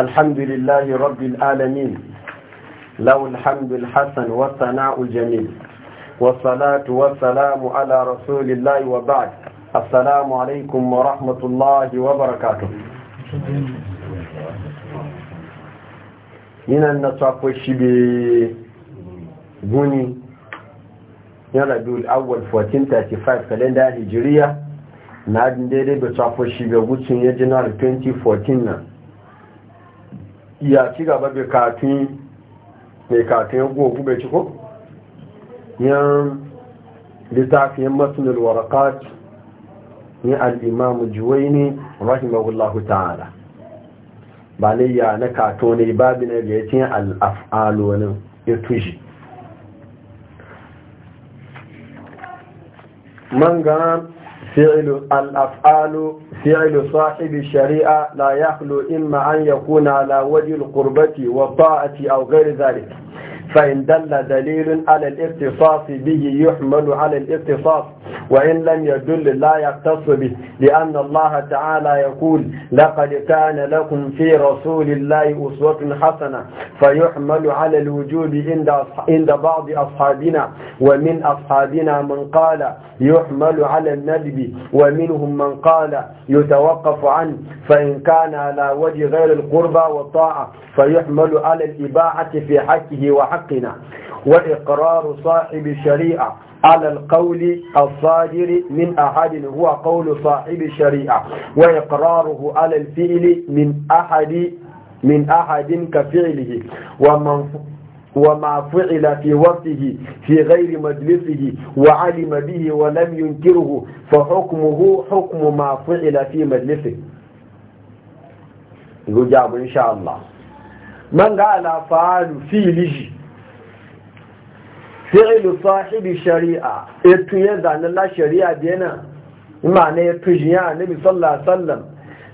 الحمد لله رب العالمين له الحمد الحسن والثناء الجميل والصلاة والسلام على رسول الله وبعد السلام عليكم ورحمة الله وبركاته من النصف والشبي بني يرد الأول 1435 كالندا هجرية na daidai da safon shiga gutsun ya januar 2014 nan ya ci gaba da katin mai katin gogu bai ciko yan littafin matsunar warakat ni al'imamu juwai ne rahimahullahu ta'ala ba ne ya na kato ne babi na da ya al'af'alonin ya tushi man ga fi'il al'af'alo فعل صاحب الشريعة لا يخلو إما أن يكون على وجه القربة والطاعة أو غير ذلك فإن دل دليل على الاختصاص به يحمل على الاختصاص وإن لم يدل لا يختص به لأن الله تعالى يقول لقد كان لكم في رسول الله أسوة حسنة فيحمل على الوجوب عند بعض أصحابنا ومن أصحابنا من قال يحمل على الندب ومنهم من قال يتوقف عنه فإن كان على وجه غير القربى والطاعة فيحمل على الإباعة في حقه وحكه حقنا وإقرار صاحب الشريعة على القول الصادر من أحد هو قول صاحب الشريعة وإقراره على الفعل من أحد من أحد كفعله ومن وما فعل في وقته في غير مجلسه وعلم به ولم ينكره فحكمه حكم ما فعل في مجلسه يجاب إن شاء الله من قال فعل في لجي fi'lu sahibi shari'a etu ya zane la shari'a biyana ma'ana ya tujiya annabi sallallahu alaihi wasallam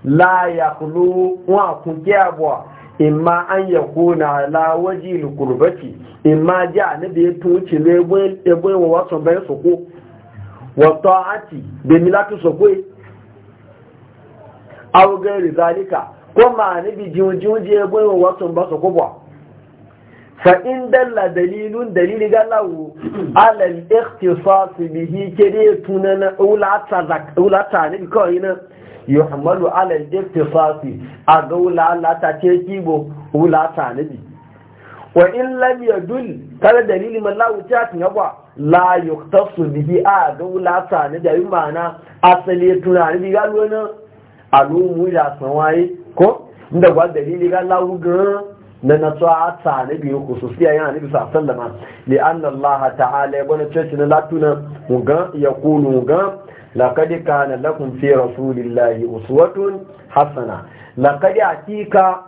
la yaqulu wa kunki abwa imma an yakuna la waji lukurbati imma ji annabi ya tuci ne ebe wa wasu bayan soko wa ta'ati bi milatu soko aw gairi zalika ko ma annabi jinjin je ebe wa wasu ba soko fa'in dalla dalilun dalili ga lawo alal ikhtisasi bihi kere tuna na ulata ne kawai na yi hamalu alal ikhtisasi a ga ulata ce kibo ulata ne wa in lam yadul kada dalili man lawo ta tun yaba la yuktasu bihi a ga ulata ne yi ma'ana asali tuna ne bi na alumu da sanwaye ko inda gwa dalili ga lawo na natsuwa ta na biyu khususiya yana nabi sa sallama li'an anna allah ta'ala ibn church na latuna ga ya kunu ga laqad kana lakum fi rasulillahi usuwatun hasana a atika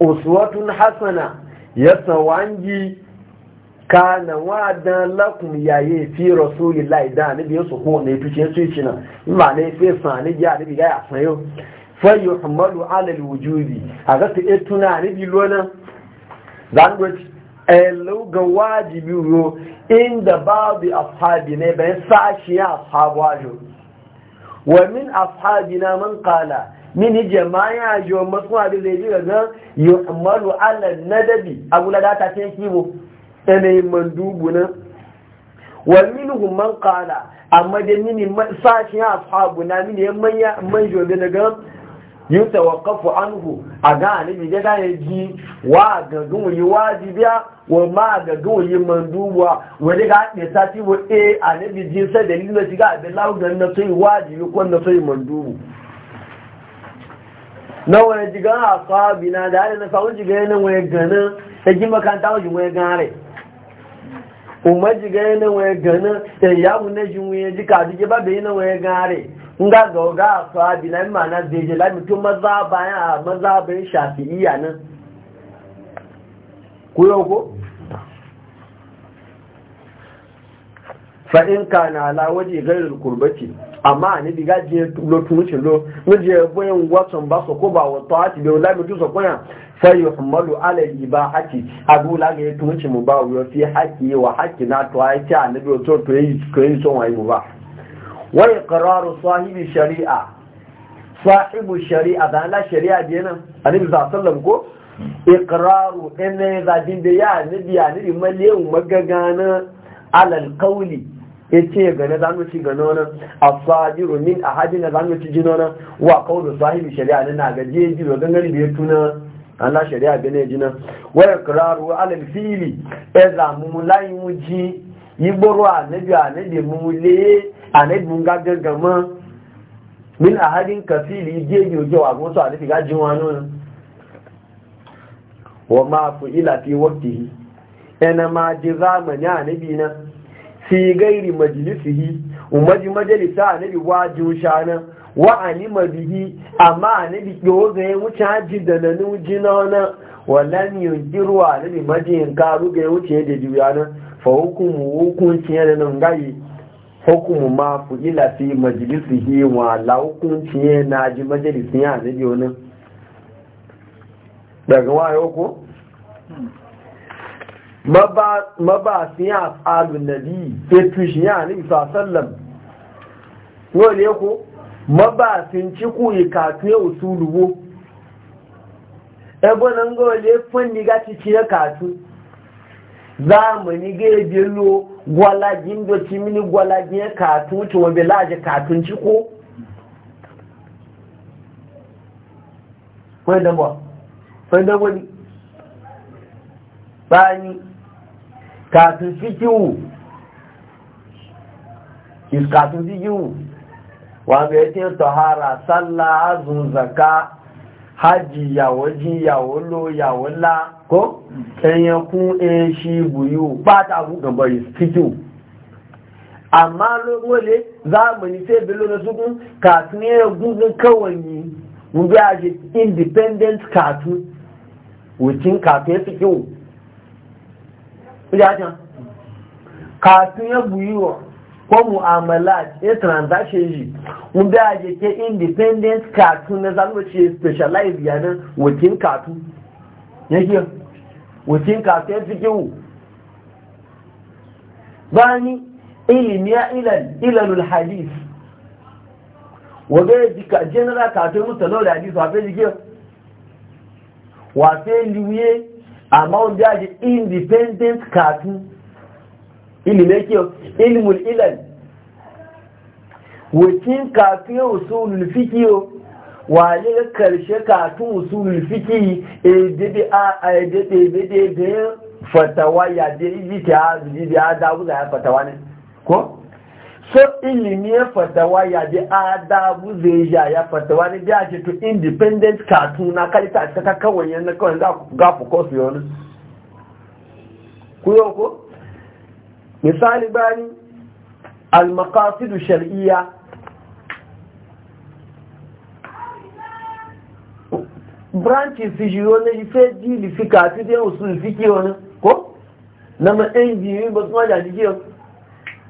usuwatun hasana ka na wadan lakum yaye fi rasulillahi da nabi su ko ne tuke su cina ma ne sai sani ya nabi ga ya san yau fayyo hamalu alal wujudi, a ga su iya tunani bilona a elu ga wajibi yo inda babu ashabi ne bayan sashi ya ashabu ajo wa min na man kala, min jama'a jo masu abin da yaji ga yu'malu ala nadabi gula da ta tin kibo ene mandubu na wa min man kala, amma da mini sashi ya ashabu na mini yi manjo da daga yin tawakafu anhu a ga alibi ya da ya ji wa gagun yi wajibiya wa ma gagun yi manduwa wani ga haɗe sati wa a alibi e, ji sai da lina ga abin laugan na sai wajibi ko na sai mandubu na wani jiga a sabi na da hannun sa'un jiga yana wani ganin ya ji makanta wajen wani gare umar jiga yana wani ganin ya yawon na shi wani jika jike ba bai yana wani gare nga ga a asabi na mana da je mutum maza bayan maza bayan shafi'iyya nan ku yau ko fa in kana ala waje gairul qurbati amma ni diga je lo tunucin lo ni je boyen watan ba so ko ba wa taati be la mutum so koyan fa abu ga tunucin mu ba wa fi haqi wa haqi na to ai a annabi to to yi to yi mu Wai iqraru sahibi shari'a sahibu shari'a da ala shari'a biya nan a sallallahu alaihi ko iqraru inna zadin da ya annabi ya annabi magaga na alal ya ce ga na zamu ci gano nan asajiru min hajji na zamu ji jino nan wa qawlu sahibi shari'a na ga wa ga da ya tuna Allah shari'a biye ne jina wa iqraru alal fili idza e mumulayu ji yiboro annabi annabi mumule anabi mun ga gaggama min a halin kafili gejo jo a mutu a nufi gajin wani wa ma fi ila fi wakti yana ma ji zamani anabi na fi gairi majalisihi umaji majalisa anabi wajin shana wa alima bihi amma anabi kyoga ya wuce haji da na nuji na wani wallan yunkirwa anabi majiyin karu ga ya wuce da juya na fa hukumu hukunci yana nan gayi hukumu ma ku ila fi majalisihi wa la hukunci ne na ji majalisin ya nabi wani daga wayo ko mabasin ya tsalu nabi fetu shi ya nabi sallam wani ko mabasin ciku ikatu ya usuluwo ebe nan ga wale fanni gaci ci na katu zamani ga ebe lo gwalajin da ci mini gwalajin ya katun ci wabi laji katun ci ko wani damuwa wani damuwa ne bani katun ci kiwu is katun ci kiwu wanda ya ce tahara sallah azun zaka hajji yawo jí yawo lo yawo la ko ẹ̀yàn kún ẹṣi ìbùyí pátá gànbọ̀ ìsìtìtì amma wale zamani sai bello na sukun katun ya gungun kawai mu bi a je independent katun wucin katun ya fi kiwo katun ya buyi wa ko mu'amala ya e transaction yi wanda ya je ke independent katu na zama ce specialized yanar wakil katu yake wakil katu ya e fi Ba bani ilimi ya ilalul hadis wanda ya ka general katu ya mutu lauda hadis wafe jike wafe liwe amma wanda ya je independent katu ilimin kiyo ilimin ilan wakin kafin usulul fikiyo wale ga karshe kafin usulul fiki edede a edede edede da fatawa ya da ibiti a zubi a dabu da ya fatawa ne ko so ilimi ya fatawa ya da a dabu zai ya ya fatawa ne da ce to independent cartoon na kalita ta cikin kawai yana kawai za ku gafu kofi wani ku yau ko misali bani almakasidu maqasidu shar'iyya branches jiyo na ife jili fika ti de usul fiki wani ko na ma engineering ba kuma da jiyo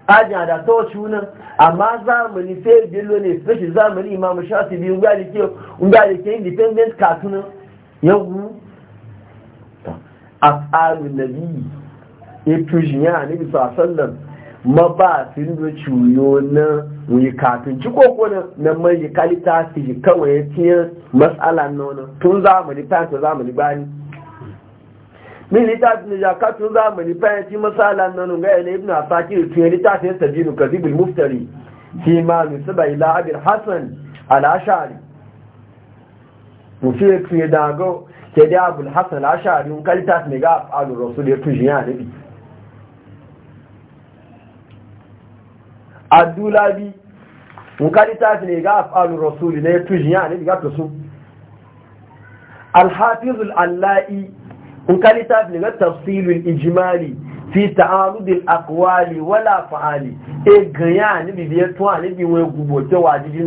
ajiya da to chunan amma zamani sai dillo ne especially zamani imam shafi biyu ga dike ga dike independent cartoon yawu as'alu ya a nabi sallam mabasin da cuyo na wuyi kafin ci koko na na mai kalita su yi kawai ya tiye matsala nona tun zamani fayin tun zamani bani min littafin da jaka tun zamani fayin ci matsala nona ga yana ibn asakir tun ya littafin sabinu kazibul muftari fi ma nusuba ila abin hassan al'ashari mutu ya tun ya dago ke da abul hassan al'ashari kalita su ne ga al'urasu da ya tun shi ya adulabi nkari ta ne ga afalu rasuli ne tujin ya ne ga to su al-hafiz ta ne ga ijmali fi ta'arud al-aqwali wala e ganya ni bi bi to ani bi won gubo te wa didi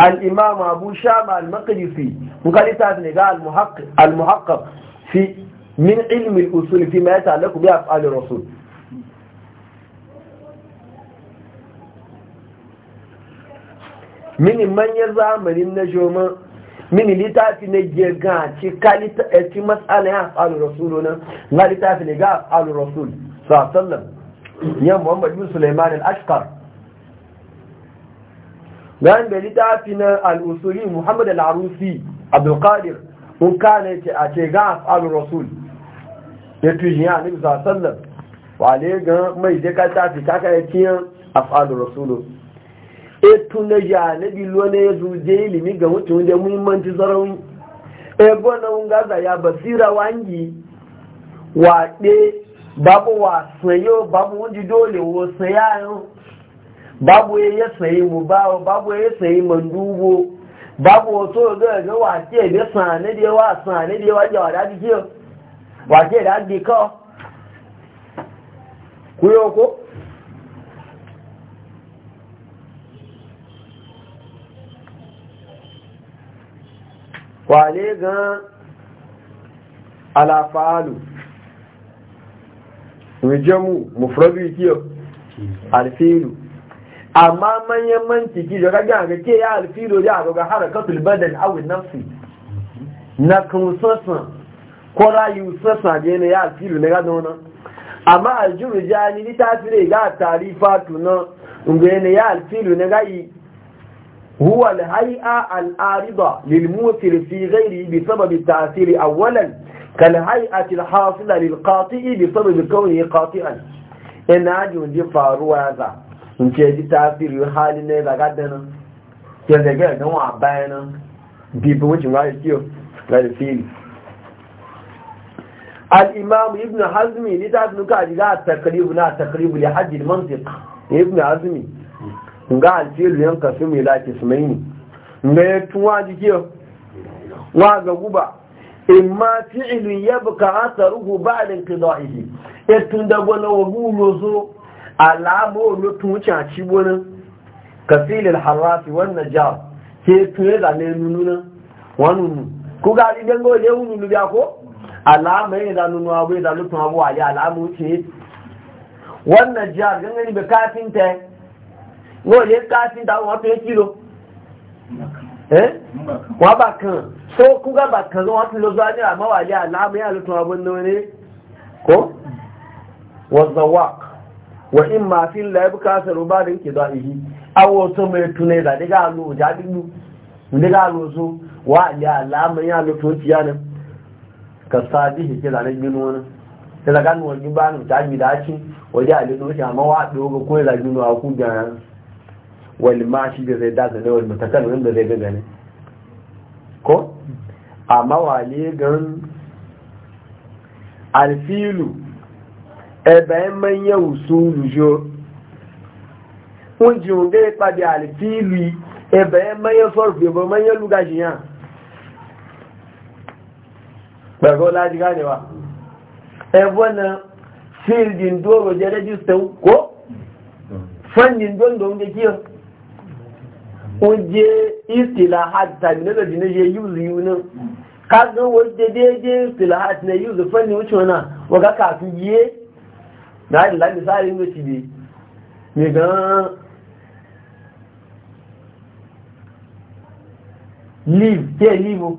abu ta ga al min ilmi usul fi ma yata'allaqu bi af'ali rasul mini manyan zamanin na joma mini littafi na gega ci kalita ci matsala ya af'alu rasul na na littafi ne ga af'alu rasul sallam ya muhammad bin sulaiman al-ashqar gan al ya tuji ya nufi sasallar wale ga mai jika ta fi kaka e ya ciyan af'adu rasulu etu na ya na bilo ne ya zuje ilimi ga mutum da muhimmanci zarauni ebo na ungaza ya basira wangi waɗe babu wa sayo babu wunji dole wo sayayen babu ya sayi mu bawo babu ya sayi mandubo babu wato ga ga wace da sanadiyawa sanadiyawa jawa da jikin wace da haɗi kawo kuyo ko kwale gan alafalu rijamu mufradu ikiyo alfilu amma manyan ki da kage ga ke ya alfilu da ga harakatul badal aw nafsi na kunsasan ko rayu sassa je ne ya asiru ne ga nona amma aljuru jani ni tasire ga tarifa tuna ngwe ne ya asiru ne ga yi huwa alhay'a al'arida lil mutil fi ghairi bi sababi ta'siri awwalan kal hay'ati al hasila lil qati'i bi sababi kawnihi qati'an ina ajun ji faruwa za in ce ji tasiri hali ne daga dana yanzu ga dan wa bayana bi bi wucin ga kiyo ga fili الامام ابن حزمي لتعرف نكاج لا تقريب لا تقريب لحد المنطق ابن حزمي قال الفيل ينقسم إلى قسمين ما يتواجه كيف واغا غبا إما فعل يبقى اثره بعد انقضائه يتندقون وغولوزو alamo lotun wuce a ci bonin kasilin harafi wannan jar ke tuye da ne nununa wani nunu ku ga idan ne wununu biya ko alamai ya zanu nuwa bai zanu tun abuwa ya alamu ce wannan jihar gangani bai kafin ta yau ne kafin ta wato ya kilo eh wa ba kan so kuga ba kan zuwa tun lo zuwa ne a mawali alamai ya lutun abun nan ne ko wazawak wa in ma fi la yabka sarubarin kidaihi awo to mai tunai da daga alu jadidu daga alu so wa ya alamai ya lutun ciyanin ka sabihi ke zanen gino wani ta da ni wani ba ni ta dace waje a lino shi amma wa ɗoga ko ya zagi a ku da wani ma shi da zai daga da wani matakan wani da zai ga gane ko amma wale gan alfilu ẹ̀bẹ̀ manyan usulu jo wọ́n jiun gẹ́ pàdé alfilu ẹ̀bẹ̀ manyan sọ́rọ̀ fẹ́ manyan lugashi yàn ɓargo laji ganewa ebwana eh, filjin doro je rajistan ko fannin don don da kiyo oje istilahat ta ne da jini je yuzu yunan ka ga je istila istilahat na yuzu fannin wuce wana waga kafin yi na yi lami sa'ayin da shi ne ne ga leave ke leave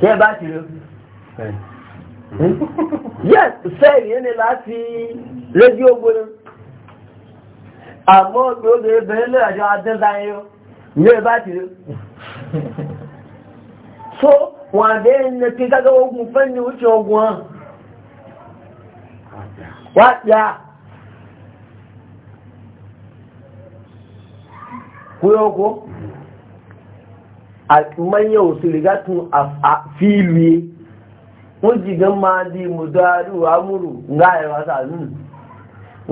ṣe bá ti rí yes fẹ́ẹ̀rì yẹn ni láti rédíò gbóná àmọ́ gbogbo ẹgbẹ̀rún lè àjọ adẹ́dáyé ní ẹbá ti rí so wọ́n àdé ẹni kí gágá ogun fẹ́ ni ó ogun hàn wá kúrò ogun àtúmọ̀yẹ̀ òṣèlégá tún fíìlú yé wọ́n jìgá máa di mùdáàrú amúrù ńgá ẹ̀rọ sàánù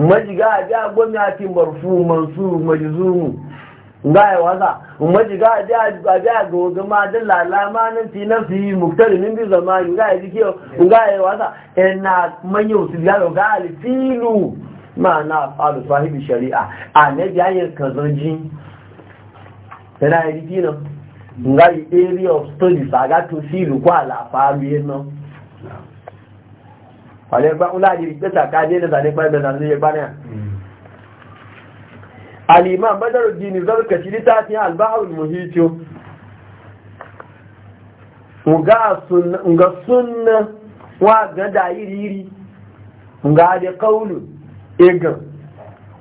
mọ́jìgá àbí agbómi àti mọ̀rùfú mọ̀súrù mọ̀jùsúrù ńgá ẹ̀rọ sà mọ́jìgá àbí àgbògbò máa dé làlá máa ní ti náà fi mùtẹ́rì ní bí zọmọ ńgá ẹ̀díkẹ́ ńgá ẹ̀rọ sà ẹ̀nà mọ́yẹ̀ òṣèlégá rọ̀ gáàlì fíìlú máa náà alùpàá hìbì ṣẹ̀rí à àlẹ́bí ayẹ̀ kàn Nga area of studies aga to filu kwa la faru yeno pale ba ula ji pesa ka je na zane pa be zane ba ne al imam badruddin zalka shirita ti al bahr al muhito uga sunna uga sunna wa ga dairiri uga de qawlu egan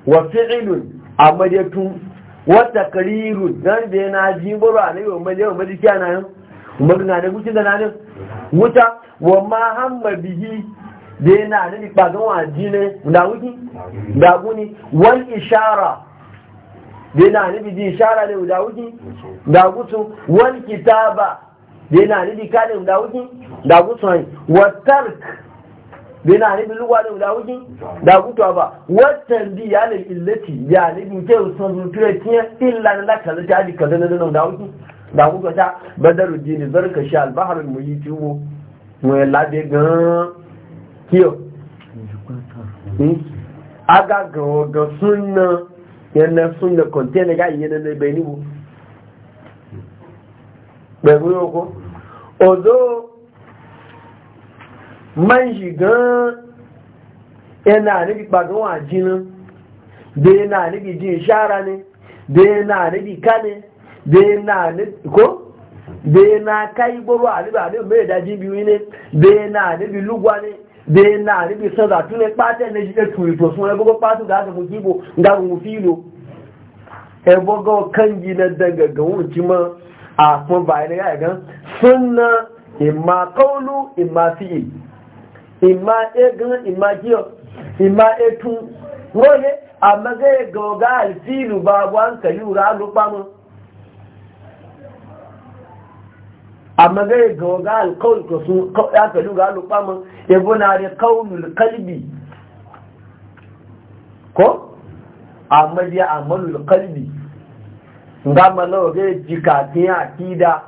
wa fi'lun amadatu wata kariru don da yana jimboro a laiwa mai yawan maji kiya na yin umar da gushin da na yin wuta wa ma bihi da yana da ni kpagan wa jine da wuki da guni wani ishara da yana da bi ishara ne da wuki da gusu wani kitaba da yana da bi ne da wuki da gusu wani watark bai na hannun luwa da wulawuki da gutuwa ba watan di ya nai illati ya ne duke sun zutura tiyan illa na lakalar ta ji kaza na da wuki da gutuwa ta badaru dini zarka shi albaharul mu yi tubo mu yi labe gan kiyo hmm? aga ga sunna yana sunna container ga yana na bai ni bu bai ko ozo man shigan yana e nufi ɓagawa jinin da yana nufi jin shara ne da yana nufi kane da yana nufi ko da yana kai gboro a nufi a mai daji biyu ne da yana nufi lugwa ne da yana nufi sanza tun ne pata ne shi turi to sun ebogo pata da aka fuki bo da mu filo ebogo kan na daga ga wuci ma a kuma bayan ya gan sunna imma kaulu imma ima eeguun immaa eeguun tuwu n'oge amma gaa ya ga oga al fiinu baaburr kaliru ha nu kpama. Amma gaa ya ga oga al kawr ka su ha kaluwora ha nu kaunul kalbi. Ko amma ya ma nul kalbi ngamnoo gaa ya ji kaakịnya a sai daa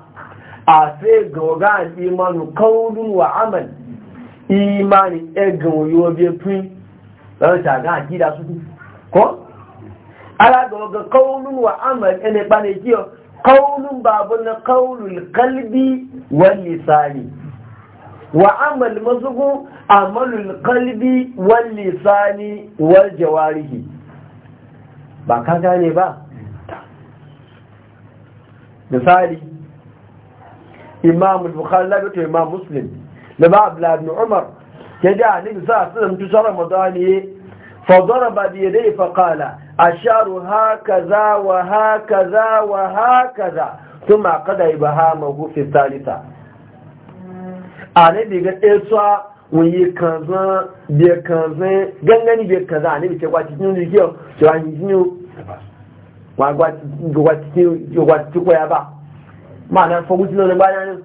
asaa ya ga oga al imaanu kawr imani ẹgbẹ̀n òyíwọ́ bí pín lọ́rọ̀ta àgá àjídá súnkú kọ́ alágbọ̀gbọ̀ kọ́ọ̀lù wà ámàrí ẹni pa ní jíọ kọ́ọ̀lù bàbọ̀ ní kọ́ọ̀lù kalbi wàlì sáàrì wà ámàrí mọ́sùkú àmàlù kalbi wàlì sáàrì wàljẹwàrìhì ba ká gane ba misali imam bukhari lagoto imam muslim da ba abdullahi ibn umar ya ji annabi sa sallam tu sara ba biye da ya yadayhi a sharu haka za wa haka za wa haka za su ma kada hakaza thumma qada ibahamahu fi thalitha annabi ga tswa wuyi kanzan biya kanzan gangani biya kanzan annabi ce kwaci cikin jikiyo ce wa jikiyo wa kwaci cikin ya ba ma'ana fa wuce na bayanin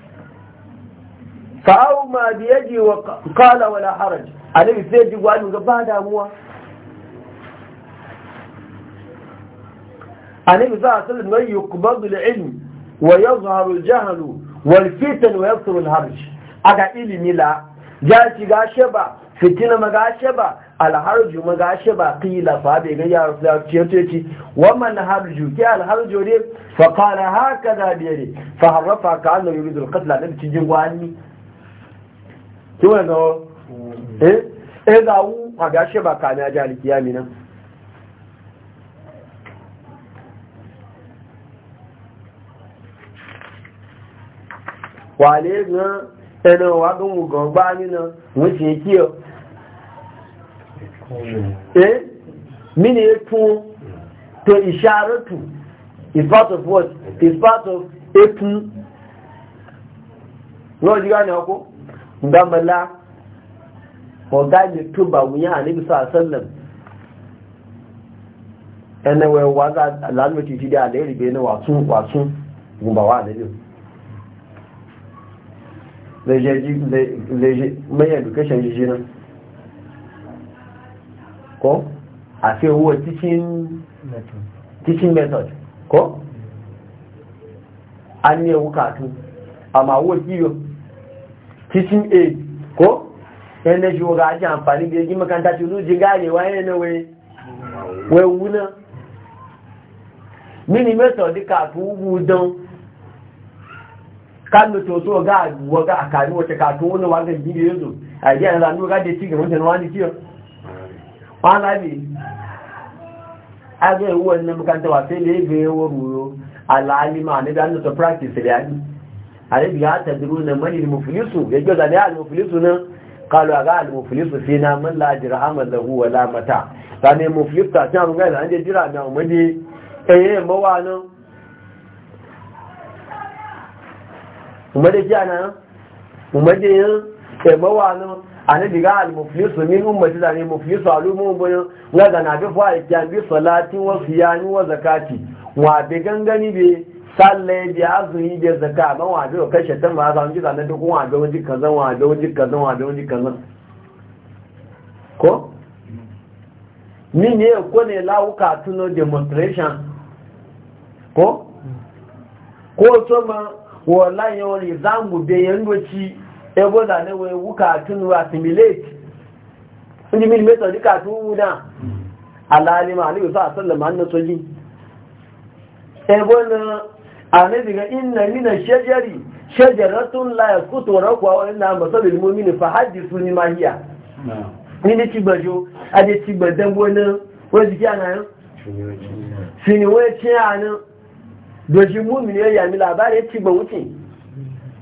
fa'au ma biyaji wa kala wala haraj annabi sai ji gwani ga ba damuwa annabi za a sallar mai yuqbadu al-ilm wa yazharu al-jahl wal fitan wa yakthuru al-harj aga ilimi la ya shiga shaba fitina ma maga shaba ma ga shaba qila fa bai ga ya rasulullah ce ce ce wa man harju ki alharju ne fa qala hakaza bi yadi fa harafa ka annabi yuridu al-qatl annabi cikin gwani kí wọ́n lọ ẹ́ dáwú àgáṣẹ́bà kà ní ajá alìkíyà mìíràn wà lè gan ẹnà wà gúnmù gan gbá nínà wọ́n ti kí ọ ẹ́ eh? mínú ètún e tó ìṣàrẹ́tù is part of what is part of ètún lọ́jíká ni ọkọ́ gamala ko gani tuba wuya anabi sallallahu alaihi wasallam ẹnẹ wẹ wá gá títí dé àlẹ́ ìrìbẹ̀ ní wàtún wàtún gùnbà wà nílò mẹ́yẹ̀ education a ní ewu kàtún àmà owó kíyọ teaching aid ko yana shi wa aji amfani da yake makanta ce zuci ganewa yana wai wai wuna mini mẹ́sàn dí kàtún wú dán kánù tó tó ga wọ́gá àkàrí wọ́tẹ̀ kàtún wọ́n wá gẹ̀ jíde yóò àìdí àrẹ́lá ní ọgá dé tí gẹ̀rọ tẹ̀lé wá ní kí ọ wọ́n lábí agbẹ̀ ìwọ̀n ní mọ́kàntà wà fẹ́lẹ̀ ẹgbẹ̀ ẹwọ́ rúró alàálímà níbi àjọ́tọ̀ practice rẹ̀ alif ya tadru na mani al-muflisu ya ga da al-muflisu nan qalu aga al-muflisu fina man la dirham lahu wa la mata sane muflis ta ta mun ga an je jira na umadi eh mawa nan umadi jana umadi eh mawa nan ana diga al-muflisu min ummati da ne muflisu alumu boyo ga na bi fa ya bi salati wa siyani wa zakati wa bi gangani be salle bi azumi bi zakka ban waje ko kashe tan ba za mu ji zanen duk waje waje kaza waje waje kaza waje waje kaza ko ni ne ko ne lauka tuno demonstration ko ko so ma wallahi yawon zangu be yandoci ebo zane wai wuka tuno assimilate ni min meta dika tuna alalima ali sallallahu alaihi wasallam annabi ebo na e annabi ga inna min ash-shajari shajaratun la yakutu rakwa wa inna masalul mu'min fa hadithuni ma hiya ni ne tibajo ade tibadan wona wona jiki anan sini we chi anan do ji mu'min ya yami labari tiba wuti.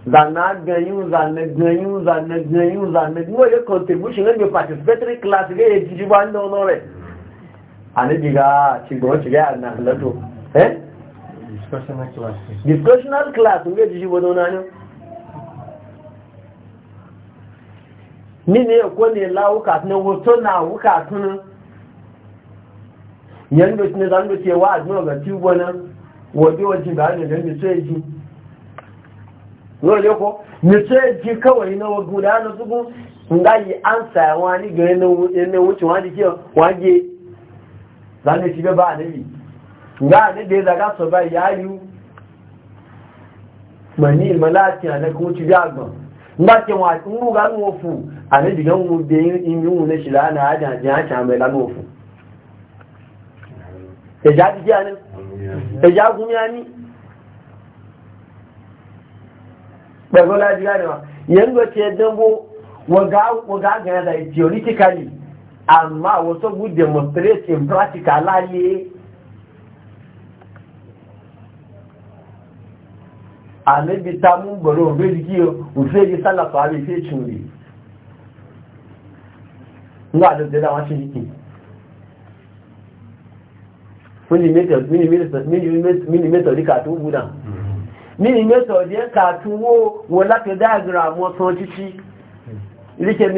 zanna ganyu zanna ganyu zanna ganyu zanna mo le contribution ni ne participatory class ga e jiji wa ndo no re annabi ga tibajo ga anan lato eh discussional class discussional class ń gẹ́jì ṣígbọ́n náà ní na ẹ̀kọ́ ní láwúkà tí wọ́n tó náà wúkà tún yẹn ló ti ní sáńdó ti wá àdúrà ọ̀gá tí wọ́n náà wọ́n bí wọ́n ti bá ní ẹ̀lẹ́mì tó èjì lóòlé kọ́ mi tó èjì kọ́wọ̀ iná ogun dáná tó gún ńgá yìí ga ne da ya zaga su ba ya yi mani malati a na kuma cibi agba ba ke wa in ruga n wofu a ne diga mu da yin imin na shila na ajan jin haka mai lan wofu ya ja jiki a nan ya ja gumi a ni ɓargo laji ganewa yanzu ce dambo waga gana da theoretically amma wasu good demonstrate in practical lalye àmẹ́bí tá mú gbọ̀rọ̀ òbẹ́lì kí òfin èyí sálàpá rí fi ètùn rí nígbà àjọ ìjẹ́dá ṣe wó láti dáàgbìrà san títí ilé-iṣẹ́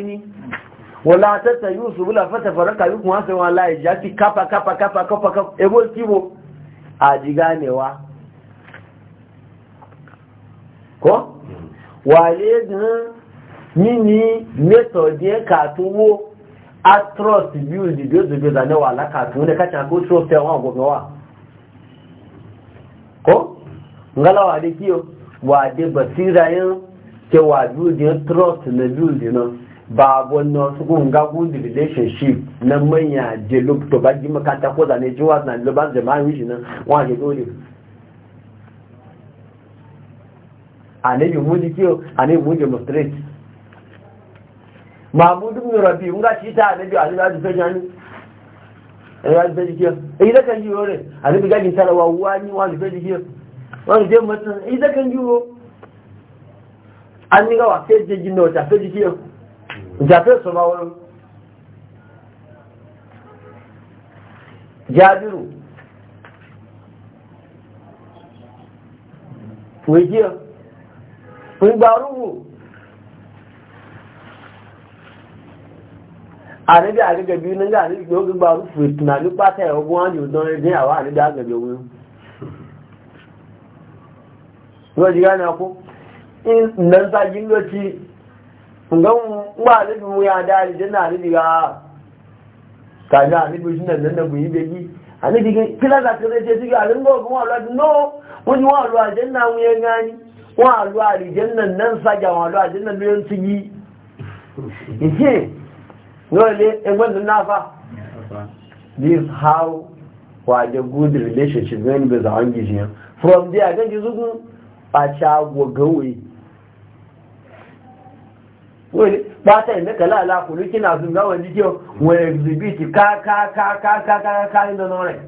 mi ìzọ́ wala tata yusuf la fata faraka bikum hasa wala yati kapa kapa kapa kapa kapa ebo ko ka a trust ka ne ko trust wa ko wa wa basira wa trust na build na ba wannan su kun ga relationship na manya je look to ba ji makata ko na lo ba jama'a yi nan wa dole a yi muji kiyo a ne muji mustret mahmudu rabi mun ga shi ta annabi a ga da da da kan yi ga da je mutun da kan yi an ni ga wa sai je jafe su ma wurin jabiru wijiya wibaruhu àríbí àrígẹ̀bí nígbà ní ìgbò gbígbà rúfù ìtùnà ní pátá ẹ̀ọgbọ́n àjò dán ẹgbẹ́ àwọn àríbí àgbẹ̀bẹ̀ wọn wọ́n jí gánà kú ìlànsájí ló ti ngan wa alibi mu ya da alijan na alibi ga ka na alibi shi nan nan buyi begi alibi ga kila za ka zai ce shi ga alibi ga kuma alwa no wani wa alwa na mu ya gani wa alwa alibi nan nan saja wa alwa janna mu yan tigi ihe no le e gwan na fa this how wa the good relationship when with the angijian from there ga ji zugun a cha go gawe wani bata yi maka lala kulu kina sun gawa jike wa exhibit ka ka ka ka ka ka ka inda nore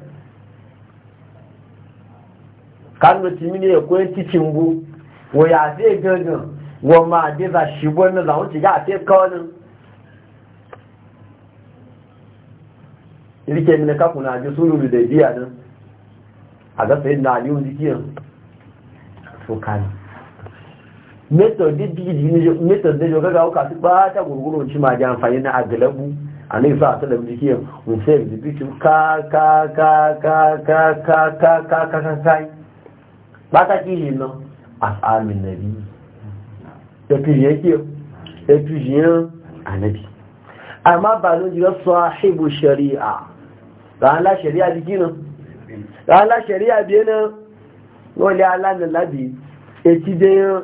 kanu ti mini ya koyi cikin bu wa ya zai gangan wa ma dai za shi wannan za wuce ya sai kawanin rike mini ka kuna ji suru da biya nan a ga sai na aliyu jikiyan to kani. method da joga ga wuka su ba ta ci ma amfani na agalabu a nan sa ta lamu jikiyar musayin da bikin ka ka ka ka ka ka ka ka ka ka ka ba ta nabi amma ba zan jiga sahibu shari'a ra'ala shari'a shari'a biyanan n'o labi ya ci dayan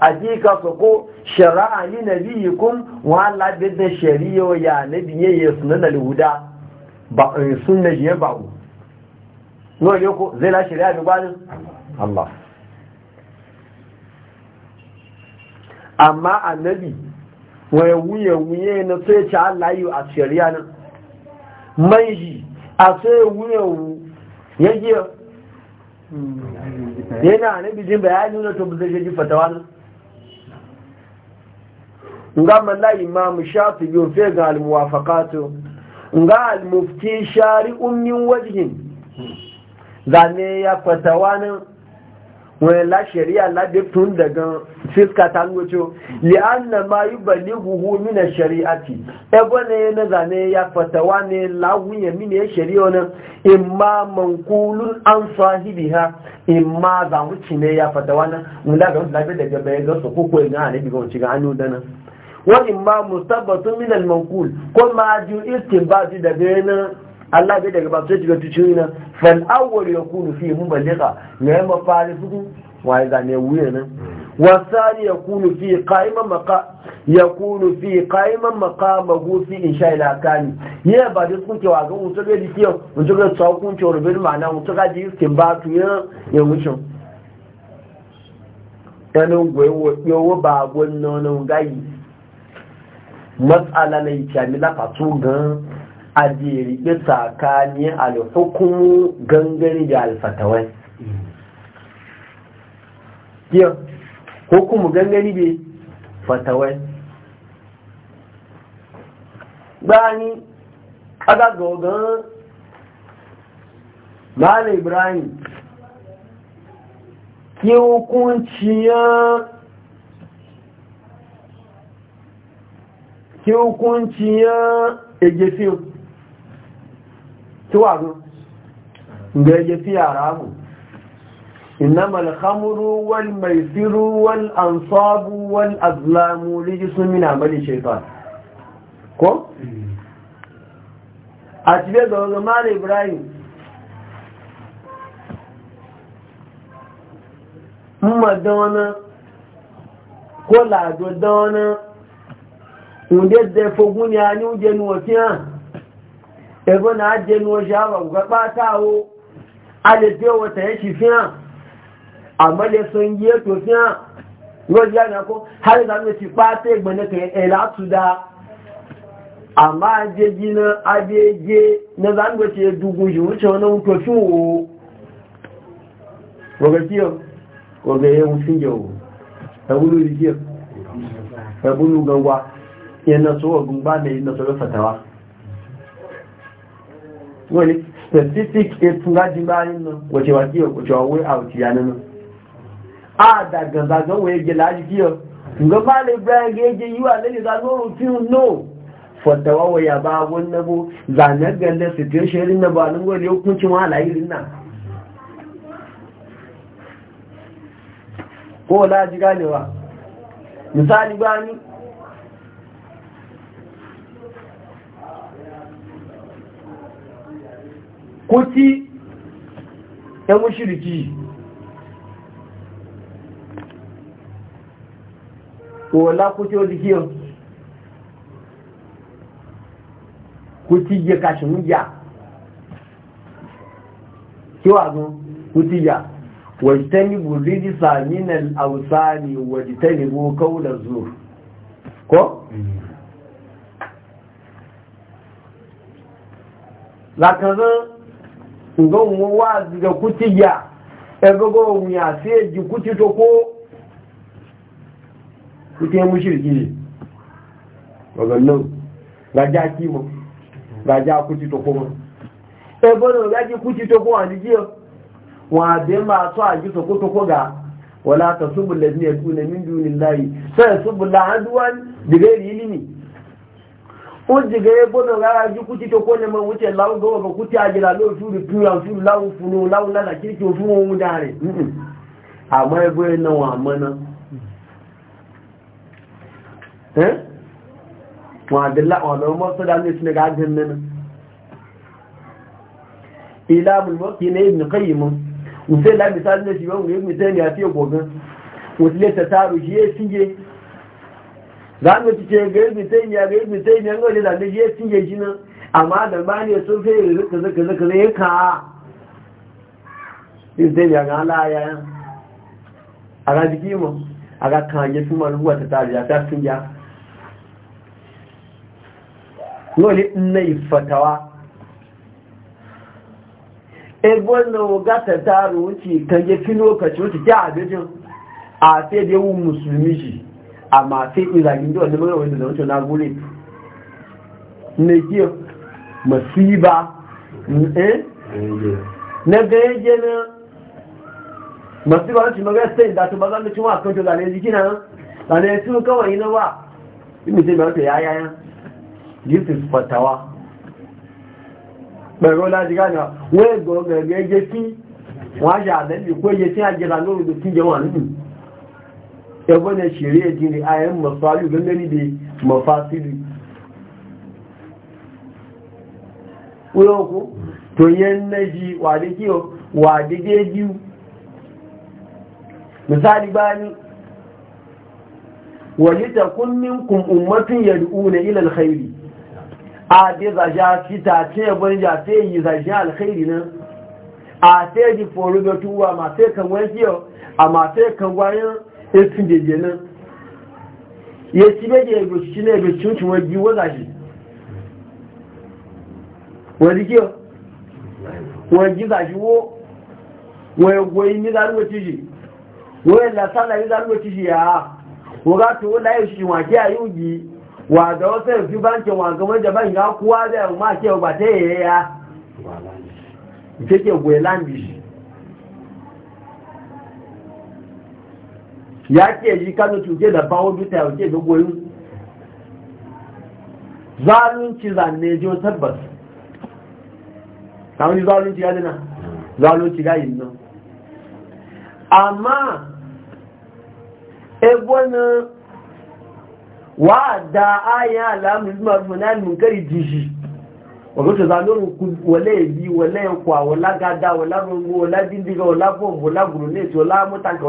hakika su ko shari'a ni kun wahala bi da shari'a ya nabiyye ya suna al lihuda ba eh, sunna je ba ku no ne ko zai la shari'a bi gwalin Allah amma annabi waya wuye wuye na sai ta Allah yi a shari'a nan mai ji a sai wuye ya hmm. yana annabi jin bayani na to bazai ji fatawa nan nga malla imam shafi'i fe ga almuwafaqatu nga almufti shari'un min wajhin zane ya fatawanin wani la shari'a la tun daga fiska ta ngocho li anna ma yubalighu min ash-shari'ati ebo ne na zane ya fatawa ne la huye min ya shari'a ne imma manqulun an sahibiha imma za wuci ne ya fatawa ne mun da ga da daga bayan ga su ko ko ina ne bi ga wuci ga anu dana wa imma mustabatun minal al-manqul ko ma ju istinbati daga yana Allah bai daga ba sai shiga tuci na fal awwal yakunu fi muballigha ne ma fari fudu wa ga zane wuya nan hmm. Wasani, ya yakunu fi qa'iman maqa yakunu fi qa'iman maqamahu fi insha al-akani ya ba da kuke wa ga mutu ga dikiyo mutu ga rubin ma'ana ga ji ya ẹnu gbẹ̀wọ̀ pé bá matsala na ikiyami lafatu gan a jirgi tsakanin alhukumu gangare da alfatawai yau hukumu gangare da fatawai bani agagogan ma'ala ibrahim ki hukunciyar kí ó kún ti yán èjè fi ó tí wà ló ǹgbẹ́ èjè fi àràbù ìnàmà alhamuru wal maithiru wal ansabu wal azlamu ríjí súnmí na amali ṣeifá kọ́ àti bí ẹgbẹ̀rẹ̀ mara ibrahim mọ̀dánná kó wunde da fogun ya ni oúnjẹ ni wọ̀n fi hàn ẹgbọ́n náà ni wọ́n ṣe àwọn ògbàpá táàwó a lè tí wata tẹ̀yẹ́ shi fi ha àmọ́ lè sọ iye tó fi hàn lọ́dí ànàkó harina ló ti pa tẹ́ ìgbẹ̀nẹ́kẹ̀ ẹ̀lá túdá da jẹ́ jíná na zangbé ti dùgùn yìí wúṣẹ́ wọn náà tó fi wò wọ́gẹ̀ tí ọ wọ́gẹ̀ yẹ wúṣẹ́ jẹ́ yana nasuwa wa gumba mai yana so fatawa wani specific a turaji bayan nan wace wa kiyo wace wa way out ya nan a daga zagon waye gila ji kiyo ga mali bayan ga yake yi wa lalle za zo rufin no fatawa wa ya ba wannan bu zanar ganda situation rin na ba nan gole hukuncin wahala irin nan ko la ji ganewa misali bani kuti ‘yan mushiriki wala kuti o jikiyan kuti ya kashi mujiya kiwa zo kuti ya wajitanibu rijisa minal ausani bu kaular zuwa ko? lakarin mm-hmm. nga mu wa ga kutiya e gogo mu ya sai ji kuti to ko kute mu shirki ne wagannan ga ja kimo ga ja kuti to ko e bono ga ji kuti to ko ani ji wa be ma to a ji to ko to ko ga wala tasubul ladina yakuna min dunillahi sai subul adwan bi ghairi ilmi wọ́n ti gẹ̀rẹ́ bọ́nà rárá ju kú títọ́ kọ́ lẹ́mọ̀ wọ́n ti ẹ̀ láwọn gọ́wọ́ kan kú funu àjẹrà lóò fúru fúru àfúru láwọn fúru láwọn lára kí tí o fún ohun dá rẹ̀ àmọ́ ẹgbẹ́ náà wọn àmọ́ náà wọn àdìlá ọ̀nà ọmọ sọ́dá ní ìsinmi ká jẹ mẹ́nu ilá àbùrùmọ́ kì í ní ìbùn kẹ́yì mọ́ òfin láì bí sáré ní ìṣìwọ́n ìgbìmọ̀ tẹ́ni àti ògbọ̀gán òsìlẹ̀ tẹ̀tà rò ṣe é síye za mu ci ce ga ibi sai ya ga ibi sai ya ga da ne ya cinye shi nan amma da ba ne sun sai ya kaza kaza kaza ya ka ibi sai ya ga ala ya a ga jiki mu a ga kan ya tuma ruwa ta tare ta sun ya nole nai fatawa e gwanna ga ta taro wuce kan ya fi lokacin wuce ta abijin a sai da yawun musulmi shi a ma izagin jiwa neman yawon da zaunce na gure ne ke masiba na gaya gina masiba wacce maga sai da su ba zan da na zane su kawai na ba imi ya wọ́n ẹgbọ̀n gẹ̀gẹ́ gẹ́ sí wọ́n á ṣe àdẹ́bì kó yẹ sí ebone shirye jini ayan masalu gangani da mafasidu uloku to yan naji wade kiyo wade deji misali bani walita kunnin kun ummatin yad'una ila alkhairi a de zaja fita ce ban ja te yi zaja alkhairi nan a te di foru da tuwa ma te kan wani kiyo a ma te kan gwayan etu jeje nan ya ci beje na ya goshi wuce wani biyu waza wo wani goyi ni zaru wace shi wani lasala ni zaru wace shi ya wuga to wani layi shi wake a yi ugi wa ga wasu yanzu bankin wa gama da ban ga kuwa da yamma ke ba ya ke ke goyi lambi shi ya ke yi kano cuke da bawon bita ya ke dogoyin zalunci zanne jo tabbas kawai zalunci ya dina zalunci ga yin nan amma ebonu wa da aya alamun marfunan munkari jishi ọ̀gọ́tọ̀ zanúrù wọlé èyí wọlé ẹ̀kọ́ àwọlá gádá wọlá gbogbo wọlá díndígá wọlá bọ̀m̀bọ̀lá gùrù ní ètò ọlá mọ́tàkà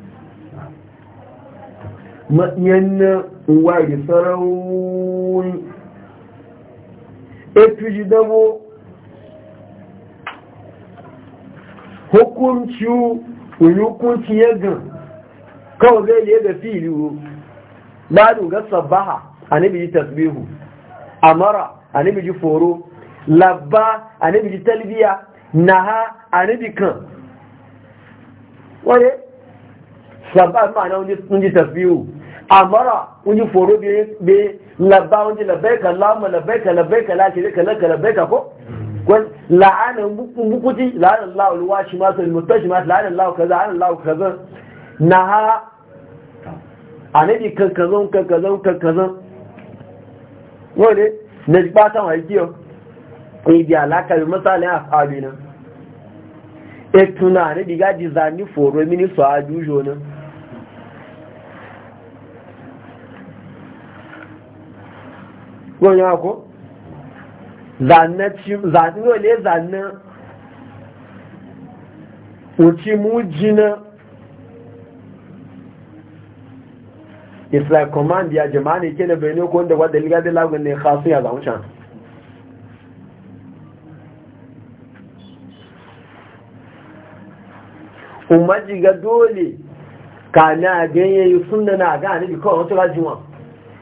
maɗiyan uwa da sarauni etu ji dabo hukunci hukunci kawai zai liye da fili ladu ga sabaha a tasbihu amara a nabi foro labba a naha a nabi kan sabaha ma'ana tasbihu amara wani foro bi labba wani labbaika lamu labbaika labbaika la ka laka labbaika ko kun la'ana bukuti la'ana Allah alwa shi ma sai mutar shi ma la'ana Allah kaza la'ana Allah kaza na ha anabi kankazon kankazon kankazon wani na ba ta wa kiyo ne bi alaka bi misali a fabi na. e tuna ne diga zani foro mini so a na. gonya ko zanen ne ole zanne òtí mú jiná islam command ya jama'a ne ke na benin ko wanda wadda liga da lagun ne khasu ya zaun can umarji ga dole ka na ganye yi sun da na ga anabi kawai wata rajuwa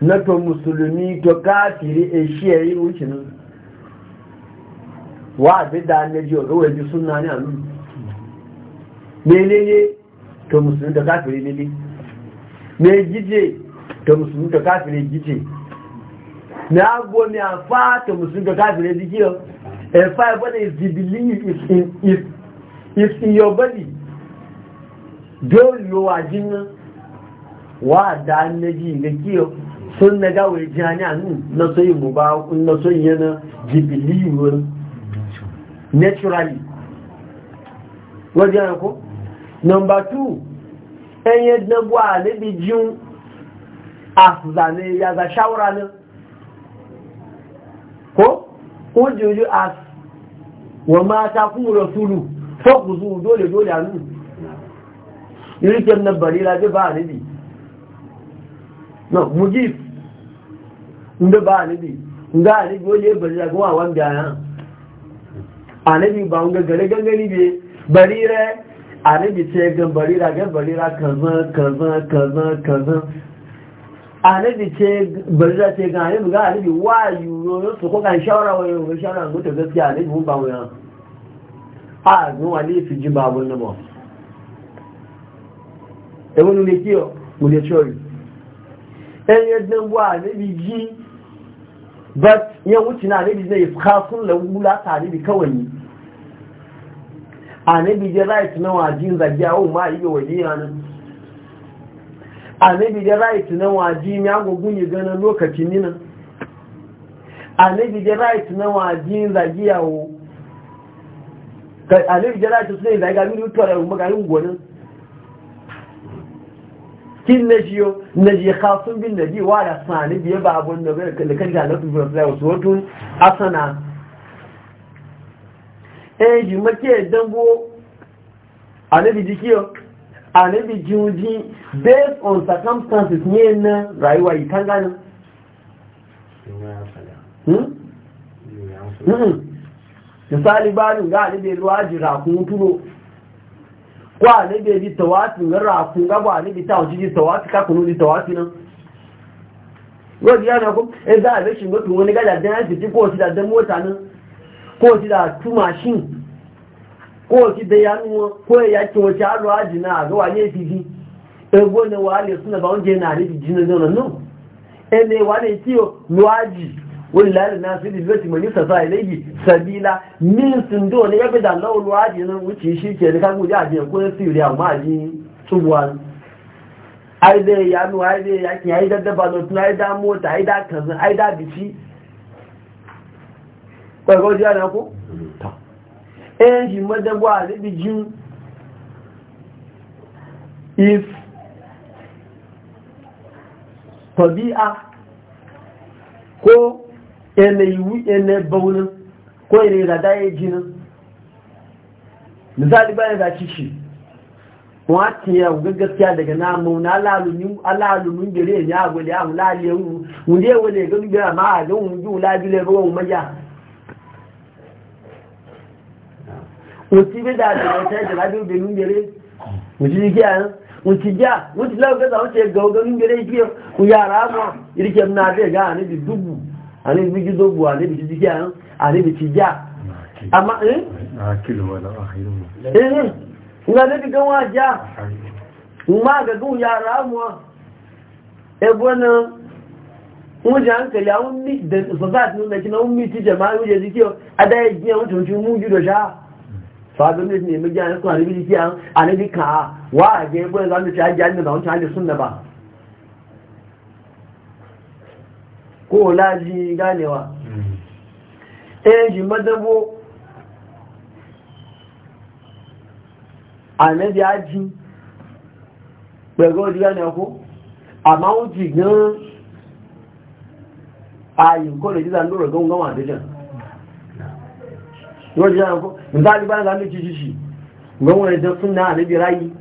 na to musulmi to kafiri e shi yayi wucin wa bi da ne ji o ji suna ne alu ne ne ne to musulmi to kafiri ne ne ne jije to musulmi to kafiri jije Na agbo ne afa to musulmi to kafiri jije o e fa e but is the belief is in is, is in your body do lo ajin wa da ne ji ne kiyo sun na gawo ya jihani a nun na soyi mu ba na soyi yana jibiliyun naturally wajen yanku number two ɗan yadda buwa na bijin a zane ya za shawara nan ko ƙunjoji a wa mata kuma rasulu fokusu dole dole a nun yurikin na barira ji ba a nabi no mujib inda ba anabi nga anabi wani bari da kuma wani biya anabi ba nga gare gangani be barira anabi ce gan barira gan barira kazan kazan kazan kazan anabi ce barira ce gan anabi ga anabi wa yuro su ko kan shawara wa yuro shawara ko ta gaskiya anabi mun ba mu ya a gan wani fi ji babun na ba ewu e ne kiyo mu le chori mgbe dẹ́gbọ́ àdébì yìí bas ya wuce na anabi zai kafin lagula ta anabi kawai ne anabi da right na wajin zagiya o ma yi waje nan anabi dai right na waji mi agogun yi gana lokacin nina anabi da right na wajin zagiya o anabi da right su ne zagiya mi lutura da magarin gwanin kin na jiyo na je khasun bin nabi wa da sani biye ba abun da bai kalli kan jalatu bi wasu wato asana eh ji make dango anabi dikiyo anabi juji based on circumstances ne na rayuwa yi kan gani hmm? hmm? misali ba ga anabi ruwa jira kun kwa ne da ji tawati ga rafin ga ba ne bi ta ji ji tawati ka kunu ji tawati nan wani yana ku in e za a bai shi mutu wani gada dan yanzu ko si da dan mota nan ko si da tu mashin ko shi da yanu ko e ya ki wace aro aji na ga wani fifi ego ne e na suna ba wanda na ne bi luaji wallahi na su lillati man yusasa ilayhi sabila min sun do ne yabi da Allah ulwaji nan wuce shi ke da kagu ya je ko su yi amma ji tubuwan ai dai ya ai dai ya ai da ba no ai da mota ai da kaza ai da bici ko eh, ko ji ko if ko Eme iwu eme baunin ko ene da daye jinin misali bayan da cici wọ́n ti yẹ ògé gẹ́gẹ́ daga náà mọ̀ ní aláàlùmí gẹ̀rẹ́ èyàn àgbẹ̀lẹ̀ àwọn láàlẹ̀ ohun wọ́n dé wọlé gẹ́gẹ́ àmà àdéhùn jù lábílẹ̀ rọ́wọ́ mẹ́jà wọ́n ti gbé dáadáa ẹ̀sẹ̀ ẹ̀sẹ̀ lábí obìnrin ti jẹ́ ga wọ́n ti já àníbi jí tó bù àníbi jí jíjá àníbi ti já àmá ẹ́ nga e ma e ti ko laji ganewa ɗaya hmm. ji eh, madabo ànẹ́bí á jí pẹ̀lú lè jíta wà jíta fún náà ráyìí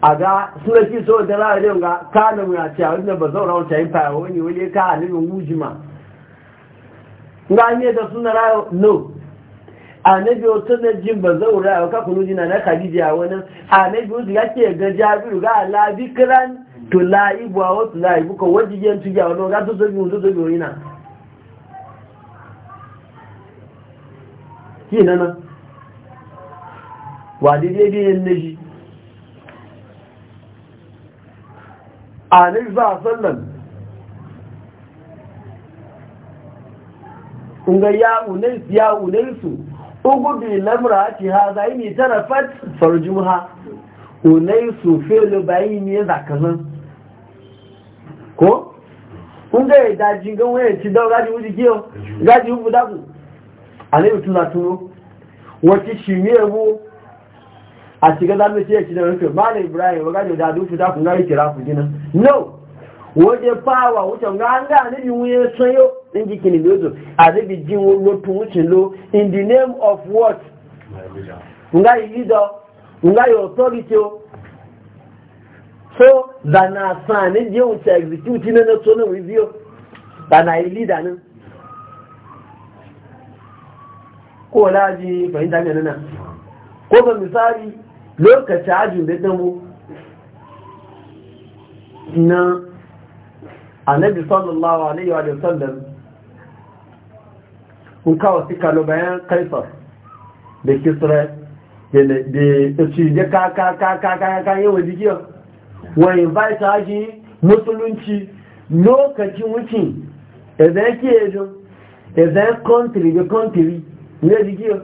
a ga suna ki so da ra'ayin a yi ga kana mu ya ce ba zaura wata yi fara wani wani ka halin gujima na da suna rayo no a na biyo tun da jin ba zaura ya ka kunu jina na khadija a wani a na su yake ga jabiru ga alabi kiran to la'ibu a wasu la'ibu ko wajen yin tuya wani ga su sobi wasu sobi wani na ki wa daidai biyan na alaihi sallam kunga ya unais ya unaisu ugubi lamra ci ha zai ne tarafat farjumha unaisu felu bayi ne zakazan ko kunga ya dajin gan waya ci dau gaji wuji kiyo gaji wuji tuno wace shi ne a shiga za mu ce da rufe malam ibrahim wa gani da dufu ta kun gari kira ku gina no waje fawa wucin ga an ga anibi wuye soyo in ji kini lozo a zabi jin lotun wucin lo in the name of what nga yi leader nga yi authority so da na san ni je wuce execute na na so na wiziyo da na yi lida nan ko laji fahimta ne nan ko ba misali lokaci ajin da damu na annabi sallallahu alaihi wa sallam kun kawo suka lo bayan kaisar da kisra da su yi kakakakakaka yawan jikiyar wani bai ta haji musulunci lokacin wucin ezan ke yajin ezan kontiri da kontiri ne jikiyar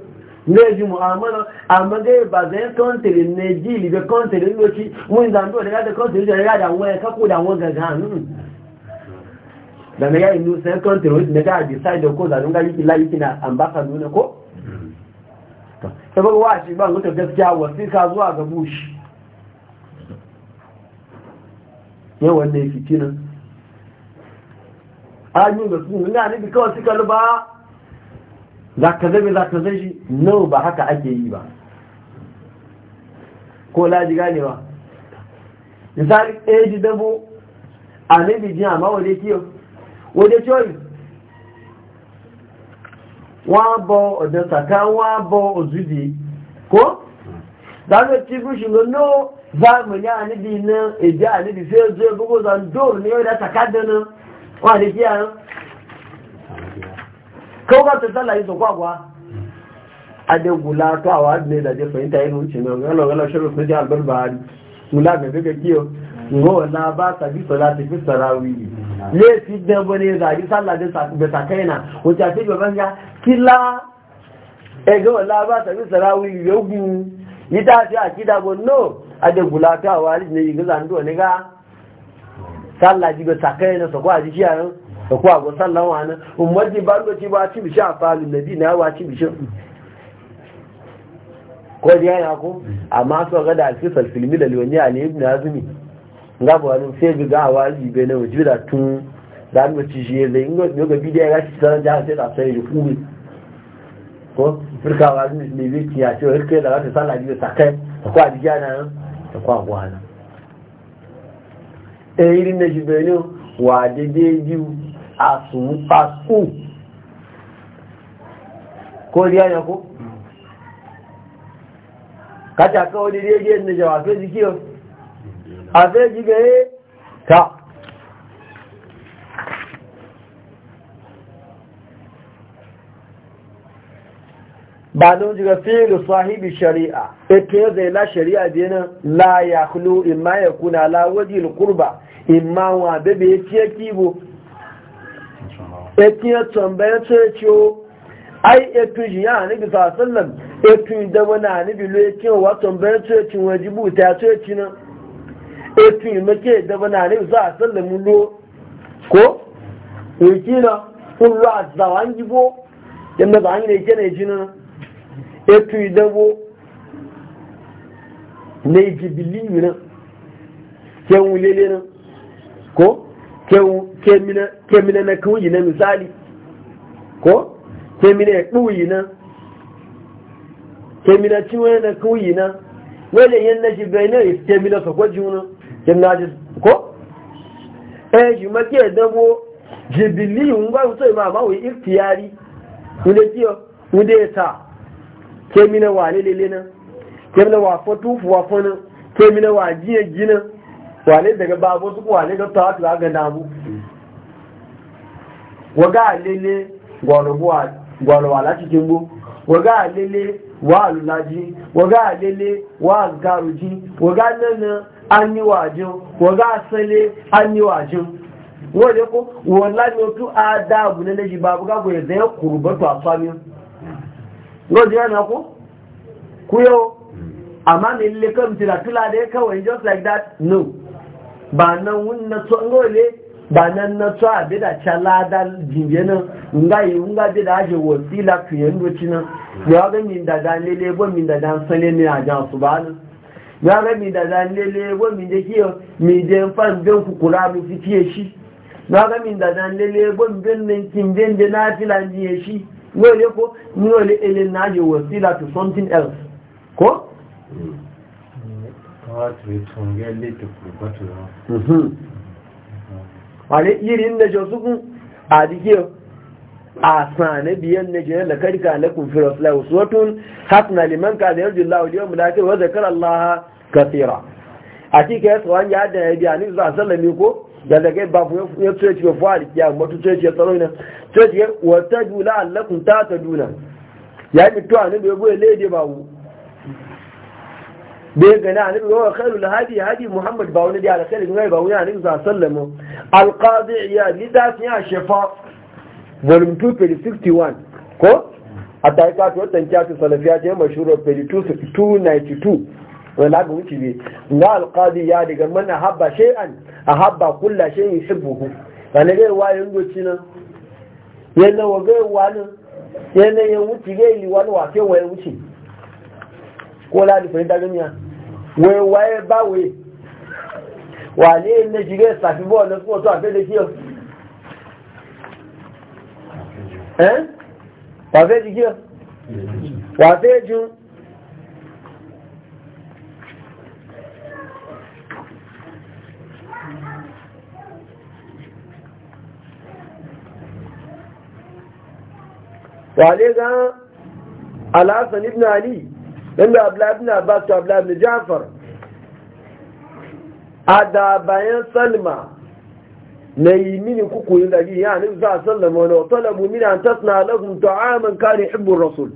neji mu'amala amma dai ba zai kontiri ne ji libe kontiri lokaci mun zando da da kontiri da da wani kako da wani gaga da na yayi nusa ya kontiri wani da decide ko da dunga yiki la yiki na ambaka nuna ko saboda hmm. wa shi ban gutu gaskiya ka zuwa ga bushi yawan ne fitina an yi ga sun nuna ne bi kawai suka luba za ka zame za ka zai shi nau ba haka ake yi ba ko laji ganewa misali ɗaya eh, ji dabo a nabi e ji amma wade kiyo wade coyi wọ́n bọ ọ̀dọ̀ sàká wọ́n bọ òzúdí kó dáadọ́ tí kú ṣùgbọ́n ní záàmù ní àníbi iná èdè àníbi fẹ́ ẹzọ́ gbogbo zandor ní ọ̀dọ̀ sàká dẹ́nu wọ́n àdékí àrùn kawai ta tsalla yi kwakwa a da gula to a wadda ne da je fahimta yin wuce mai wani lagala shirin su ji albar bahari gula ga duka kiyo ngowa na ba sa bi sola ta fi sarawi ne fi dan bane zari sallah da sakaina wuce a fi gaban ya kila e ga wala ba sa bi sarawi yogu yi ta fi a kida no, a da gula to a wadda ne yi ga zanduwa ne ga sallah ji ga sakaina su kwa ji shi a yau da kuwa go sallan wa nan ummaji ba lokaci ba ci bishi a falin nabi na wa ci bishi ko da yana ko amma so ga da alfisal filmi da liwani ali ibn azmi nga bo wani sai bi ga waji be na wajibi da tun da mu ci shi da ingo yoga bidiya ga ci sanan ja sai da sai ku ko furka wa azmi ne bi ki ce wai kai da wata sallah ji da sakai da kwa dijana nan da kwa gwana eh irin da jibelin wa daidai biyu A su? ko ya àsùn pàṣù kó rí ẹyọkú kàtàkọ́ onírí èyí ènìyàn àfẹ́jì A o àfẹ́jì gẹ̀ẹ́ ta ba don jiga fiye sahibi shari'a ita ya zai la shari'a biyanin la ya kulu in ma ya kuna la waje kurba in ma wa bebe ya ciye kibo etinye tambayen tsoyaciyo ai etuji ya anabi sallam etu da wani anabi lo yake wa tambayen tsoyacin wajibu ta tsoyaci nan etu make da wani anabi sallam ko yake na kullu azawan gibo yanda ba hanyar yake na jinan etu yi bo na yi jibili nan nan ko kemina na kawuyi na misali ko kemina ya ɗuyi na kemina ciwo na kawuyi na wale yin na shi bai na yi kemina sakwa juna kemina ji ko eh shi maki ya dabo jibili ngwa wuto ima ma wuyi iftiyari wunde kiyo wunde ta kemina wa lelele na kemina wa fotufu wa fana kemina wa jiye gina wale daga babu su wale ga tawa tuwa ga namu waga alele gwalowa láti jimbo waga alele wa alulaji waga alele wa algaruji waga nana aniwajin waga asale aniwajin wọ́n lè kó wọ́n láti ojú àádáàbù nílé jì bàbú gágbò ẹ̀dẹ́ kùrùbọ́tò àfáàmì lọ́dí ẹ̀nà kú kú yóò àmá mi lè kọ́ mi ti rà kílá dé kẹwàá just like that no ba nan wunna to ngole ba nan na to abi da chalada jinje nan nga yi nga bi da aje wasila ku yando cinan ya ga min da dan lele bo min da dan sale ne a jan subhanahu ya ga min da dan lele bo min da kiyo mi je fan ben ku kula mi fitiye shi na ga min da dan lele bo min ben nan kin ben da na filan jiye shi ngole ko ngole ele na je wasila to something else ko mm. wani irin na josuku a dikiyar a sane biyan na jiran da karka na kumfira wasu watun hasna liman ka da yarjin la'uliyar mulakir wa zakar Allah tsira a cikin yasa wani ya da ya biya ni zuwa a sallami ko da daga ba ku ya tsoye ce fuwa da kiyaye mutu tsoye ya tsaro ne tsoye ce wata dula allakun ta ta duna ya yi mutuwa ne bai goye laide ba wu bai gani a nabi wa khairul hadi hadi muhammad ba wani da alkhairi ne ba wani a sallallahu alaihi wasallam alqadi ya lida ya shafa volume 2 page 61 ko a taika to tankiya to salafiya ce mashhuro page 292 Wani ga wuce ne na alqadi ya daga mana habba shay'an haba kullu shay'in yuhibbuhu kana ga wayan goci nan yana wa ga wani yana ya wuce ga liwani wa ke wuce ko la da wai waye ba wai wane ne jire safi ọ̀nà fún ọ̀tọ́ àfẹ́lẹ́ kí ọ ẹ́n wàfẹ́ jí gan aláàsàn ibn ali inda abdullahi abbas to abdullahi jafar a da salma na yi mini kuku yin zagi ya nufi sa sallama wani otolabu mini an tasna lahum ta'aman kare ibn rasul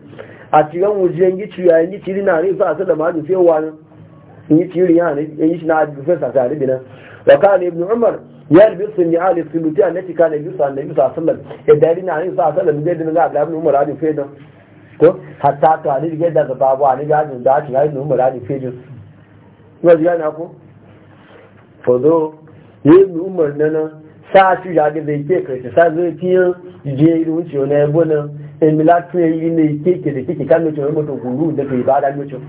a cikin wujen gici ya yi ciri na nufi sa sallama hajji sai A yi ciri ya yi shi wa umar yalbisu ni ali suluti annati kana yusa annabi sallallahu alaihi wasallam idan ina ne sa sallam zai dinga ga ko hatta to ali rige daga babu ali ga jin da shi ai numu rani fejin ko ji na ko fodo yi na sa shi ya ga zai ke kai sa zai tiyo je iru ci ona tu yi ne ke ke de ke kan no to mo to guru da ke ibada no to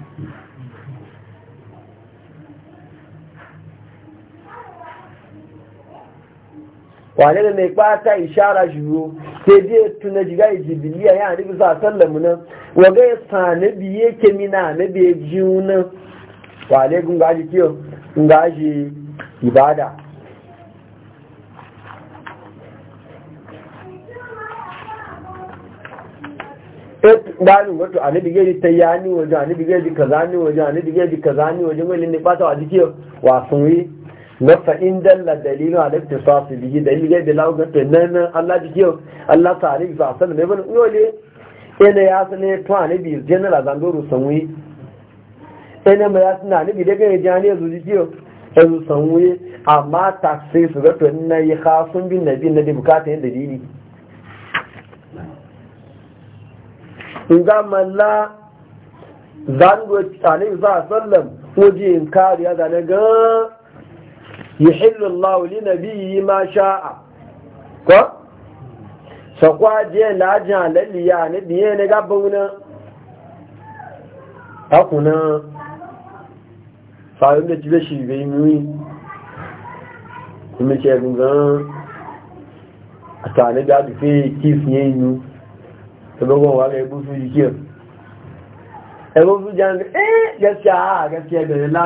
wale ne ne ta ishara shuru sai dai tuna jiga jibiliya ya za a sallamu nan waga ya sanabi ke mina na bai jiyu nan wale gun gaji kiyo gun gaji ibada dalin eh, wato anabi gaji ta yani wajen annabi gaji kaza ni wajen annabi gaji kaza ni wajen wani ne fata wa jikiyo wasan yi na fa'in dalla dalilin halittu sasu biyu dalilin yadda lagun to nan Allah jike Allah tare bi sa sanin mai bane yole ene ya ne to ne bi general zandoro sanwi ene ma ya sane ne bi daga ya jani ya zuji kiyo ya zu sanwi amma sai su ga to na yi khasun bin nabi na da bukata yin dalili in ga malla zandoro tare bi sa sallam wajen kariya da na ga yuhillu Allahu li nabiyyi ma sha'a ko sakwa je la jan laliya ne biye ne ga buna akuna fa'in da jibe shi bai nuni kuma ke gungan a tare da bi fe kif ne yu to bu jan eh la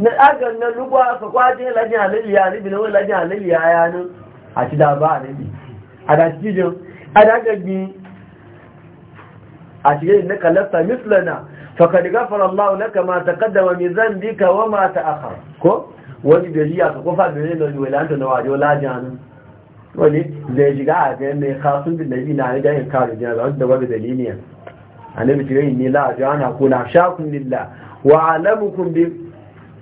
na agan nan lugwa ka kwaje lajin halali ya nabi na wani lajin halali ya yanin a ci da ba a nabi a da ci jin a da gaggi a cikin na kalasta mislana fakad gafara Allah laka ma taqaddama min dhanbika wa ma ta'akhkhara ko wani da jiya ka kofa da ne da walanta na wajo lajin wani da ya shiga a ga mai khasun bin nabi na da yin karu da da wani A ne annabi tirayi ne la jana kuna shakun lillah wa alamukum bi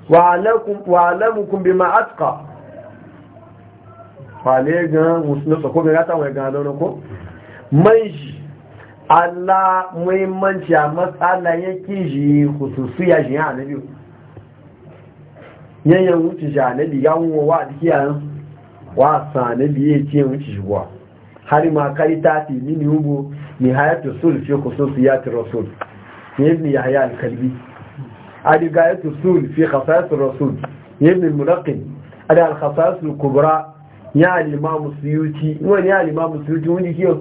wa'alamukum bima atqa fale gan musulun sako bai gata wai gano na ko manji Allah muhimmanci a matsala ya kiji hususu ya yanyan wuce a nabi ya wuwa wa dikiya wa sa nabi ya ce wuce har ma kari ta fi mini hugu ni hayatu sulfi hususu ya ti rasul ne ibn yahya al-kalbi الغاية السول في خصائص الرسول يبن الملقن على الخصائص الكبرى يا الإمام السيوتي وين يا الإمام السيوتي وين كيو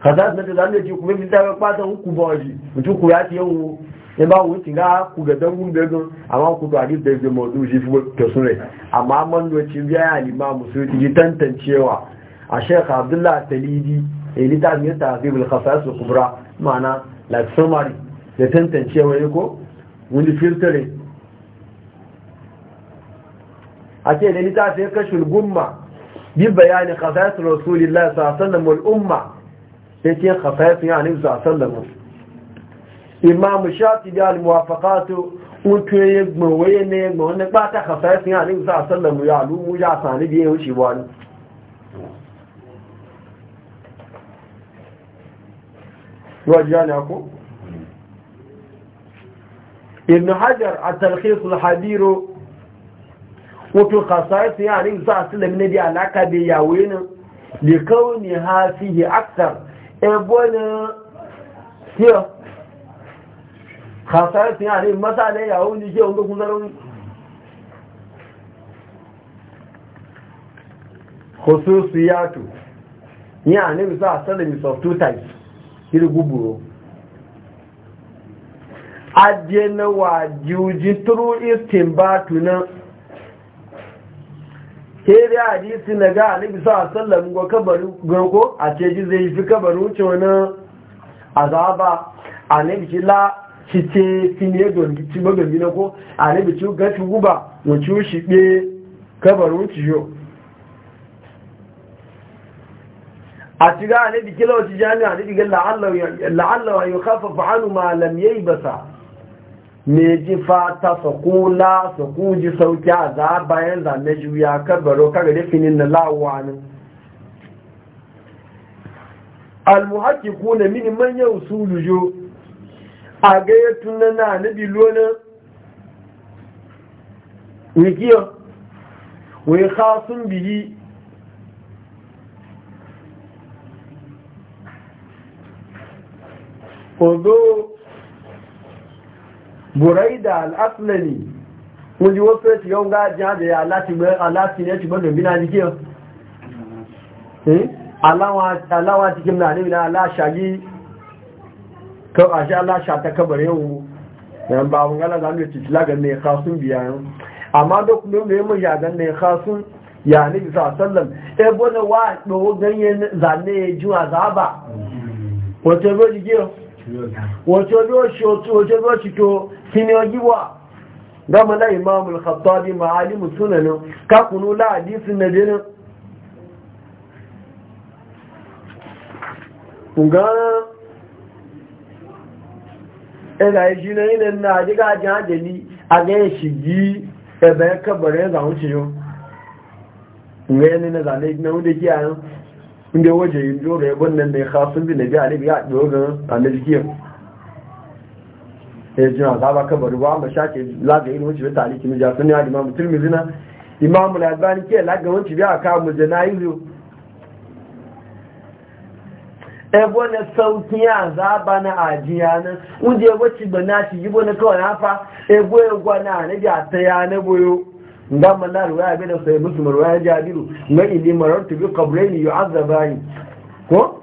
خصائص نتي زامن يجي كومي بيتا باتا هوكو بوجي متو كوياتي يو in ba wuce ga ku ga dangun begun amma ku to hadis da yake mawdu shi fi to sunai amma man doci biya ya limamu su yi tantancewa a shekha abdullah talidi a littafin yadda zai bulkhasar su kubra ma'ana like summary ya tantance wani ko wani filtering a ce da nita sai kashe gumma yi bayani khasaisu rasulillah sallallahu alaihi umma sai ce khasaisu yanin su sallallahu alaihi wasallam imam shafi da al-muwafaqatu utuye ya gbawaye ne ya gbawaye ba ta khasaisu ya su sallallahu alaihi wasallam ya alumu ya sani biye wuce wani wajen jiya ne ibn hajar a talhisul hadiro wato khasaisu ya rin sa su lamina da alaka da yawe nan da kauni ha fiye aksar ebonin siya khasaisu ya rin masalai yawo ne ke wanda kun zarar khususiyatu ya ne bisa sanin soft types kiri guburo ajiye na wajiyoji turu istin batu nan ke da hadisi na ga alibi sa sallam ga kabarin goko a ce ji zai fi kabarin wuce wani azaba a nabi la ci ce finye ci magambi na ko a nabi ci ga ci guba wuce shi ɓe kabarin wuce yau a ci ga alibi kila wace jami'a nabi ga la'allawa yi kafa hannu ma lamye yayi basa me ji fata sakula su kuji sauki a za bayan zane juya kabaro kaga finin na lawanin almuhaki kuna mini manyan su jo a gaya tunana na bilona wikiyar wai khasun biyi although buraida al'asulani wọ́n jí wọ́n fẹ́ ti yọ́ ń gá jáde aláti ẹ̀tùgbọ́n lòbí náà jíkí hmm? aláwọ̀ ti kí mìíràn níbi aláṣàyí aṣe aláṣàta kabarin yau yan ba wọn gánà zanu ti tilaga mai khasun biyayen amma dokunan mai mun mai ya ni bisa sallam ebo na wa ɗogo zane ya zaba wata ebe jikiyo wato biyo shi wato wato biyo shi to siniyoyi wa gama na imamul khattabi ma'alimu sunanin kakunu la hadisin na jinin ina yi shi na yinin na jiga jihadali na inda waje yin joro ya gwannan da ya khasun bi na biya alibi ya ɗiyo ga annabi kiyar ya ji na zaba kabar ba ma shake laga yin wuce ta aliki mija sun ya limamu turmizi na imamu na albani ke laga wuce biya ka mu janaizu ebo na e sauki ya zaba na ajiya na wunde wacce ba na shi yi bo na kawai hafa ebo ya gwana na biya ta ya na boyo nga mala ruwaya bi da sai musu ruwaya jabiru nga ili marartu bi qabraini yu'azzabani ko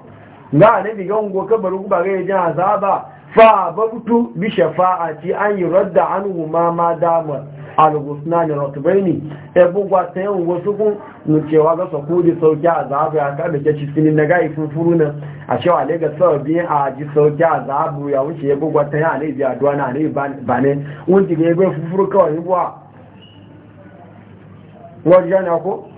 nga annabi ga ungo kabaru ba ga yajin azaba fa babtu bi shafa'ati an yuradda anhu ma ma dama al-husnani ratbaini e bugwa sai ungo sukun mu cewa ga sako di sauki azabu ya da ke cikin na ga ifufuru na a cewa ne ga sababi a ji sauki azabu ya wuce ya bugwa ta ya ne bi addu'a na ne ba ne wunti ga ya ga ifufuru kawai bugwa wajen ko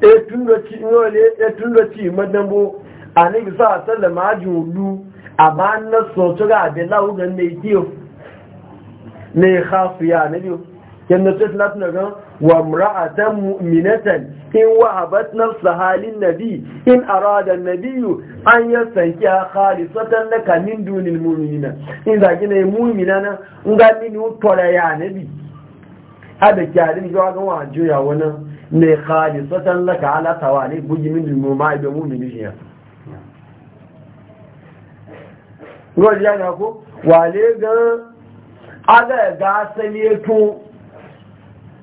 etun e da ci madambo a ni bisa a sallama ajin ulu a ba na sotura abin lahugan na ikiyo na hafiya na biyu yadda sai suna suna gan wa mura'atan mu'minatan in wahabat nafsa halin nabi in arada nabiyu an ya sanki a khalisatan na kamin dunin mu'minina in zaki na yi mu'mina na in ga mini tora ya nabi a da kyarin zuwa ga wa juya wani ne khalisatan laka ala tawali buji min dunin ma'ibe mu'mini shi ya Gwaji ya ga ko, wale gan aga ga asali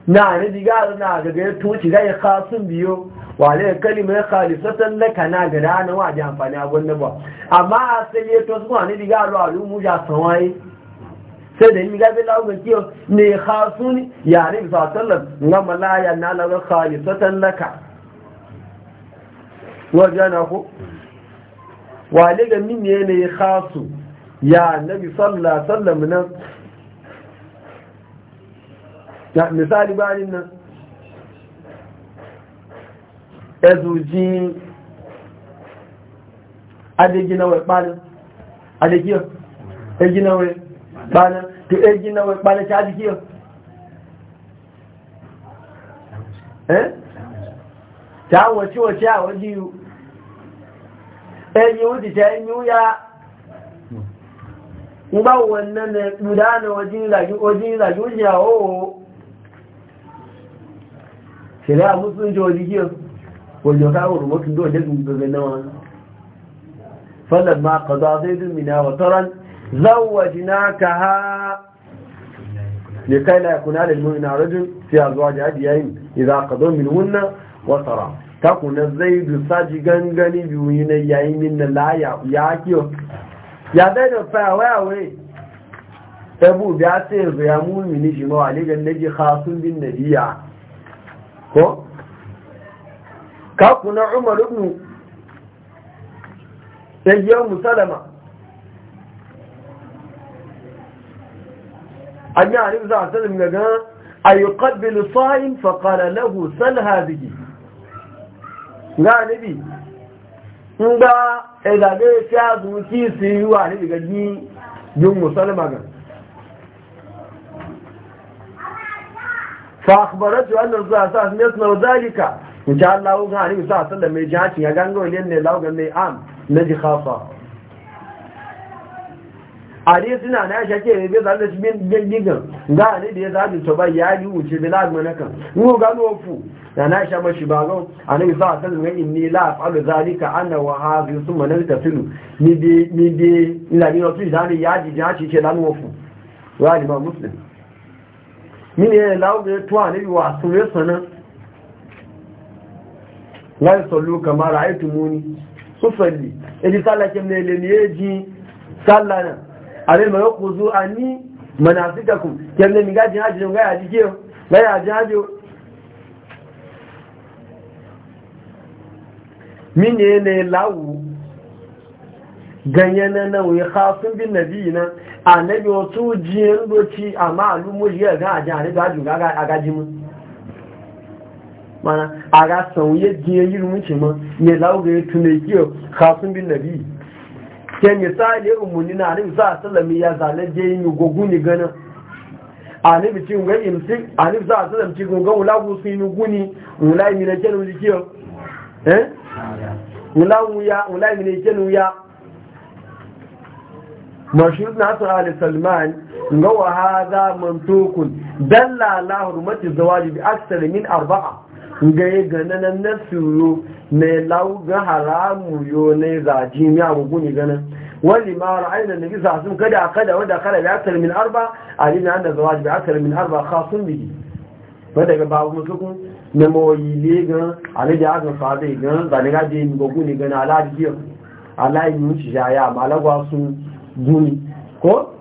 na ne diga na ga ga to ci ya kasun biyo wale kalimar khalisatan laka na ga da na waje amfani a gwanna ba amma sai ya to su ne diga ro alu mu ja sanwaye sai da ni ga bi lawo kiyo ne khasun ya ne sa sallam na malaya na lawa khalisatan laka waje na ko wale ga min ne ne kasu ya nabi sallallahu alaihi wasallam misali bayanin nan ezuji adeginawe panin adegiyar eginawe panin to eginawe panin ta adegiyar eh ta wace-wace a wajiyu ẹni ó ti tẹ́ ẹni ó yá ń bá wọn náà lùdá náà ṣẹlẹ̀ àmúsùnjẹ́ olíyẹ́ olùyọ̀káwòrò mọ́tún tó jẹ́ gbogbo náà fọ́lọ̀dá kọ̀dọ̀ azẹ́dùn mìíràn wọ̀tọ́rán záwọ̀jìná ka ha lèkàílà ẹ̀kùnà lèmọ́nà rọ́jùn tí a zuwa jẹ́ adìyàyìn ìzàkàdọ́ mìírànwọ́nà wọ́tara zaidu sájì gangani biyu na yayin minna laya ya kiyo ya bai da fayawayawai ebu biya sai ya mulmini shi mawa ligan naji khasun bin nabiya ko kakuna umar ibn sayyar musalama an yi harin za a salim gaga a yi ƙabbin sa'in faƙara lahu salha zigi ga nabi in ba ɗaga ne ya zuci su yi wa ne daga yi yin musalama gan فأخبرته أن الرسول صلى الله عليه وسلم يصنع ذلك إن شاء الله وقع عليه صلى الله عليه وسلم يجعلش يقال له لأن الله قال لي عام الذي خاصة عليه سنة أنا شاكي يبيض على شبين بين جيجن قال لي بيض على شبا يالي وشي بلاد منكا هو قال له وفو أنا شابا شباغو أنا صلى الله عليه وسلم قال إني لا أفعل ذلك أنا وهذه ثم نغتسل مي بي مي بي إلا بي نطيش داني ياجي جاشي شلان وفو وهذا ما مسلم mini ya lauga ya tuwa ne wa sun ya sana la ya sallu kamar a yi tumuni su salli ya e ji tsalla kim ne lemi ya ji tsalla na a rai mai ku zo a ni mana manasika ku kim ne migaji hajji ga ya jike ga ya ji hajji mini ya ne lawu ganyen na nan wuyi hafin bin na biyu nan a na biyu wasu jiyan doci a ma'alu mushi ya gan a jihar da gajin a gaji mun mana a ga sauye jiyan yi rumunci ma ne lauga ya tunai kiyo hafin bin na biyu ke ne sa misali umarni na za a salami ya zane jiyan yi gogu ni gana a nabi ci ngai imsi a za a salami ci gungan wula su yi guni wula yi na kenan wuji kiyo eh ah, wula wuya wula yi na kenan wuya مشهود ناصر آل سلمان هو هذا منطوق دل على حرمة الزواج بأكثر من أربعة gaye gananan na suru mai ga haramu yo ne zaji mi abubu ne ganan wani ma ra'ayin nabi sasun kada kada wanda kada bi akthar min arba ali na da zawaj bi akthar min arba wanda ga babu musuku ne moyi le gan ali da aka fada gan da ne ga gogu ne ganan ala ji ala yi mu shi ya gumi ko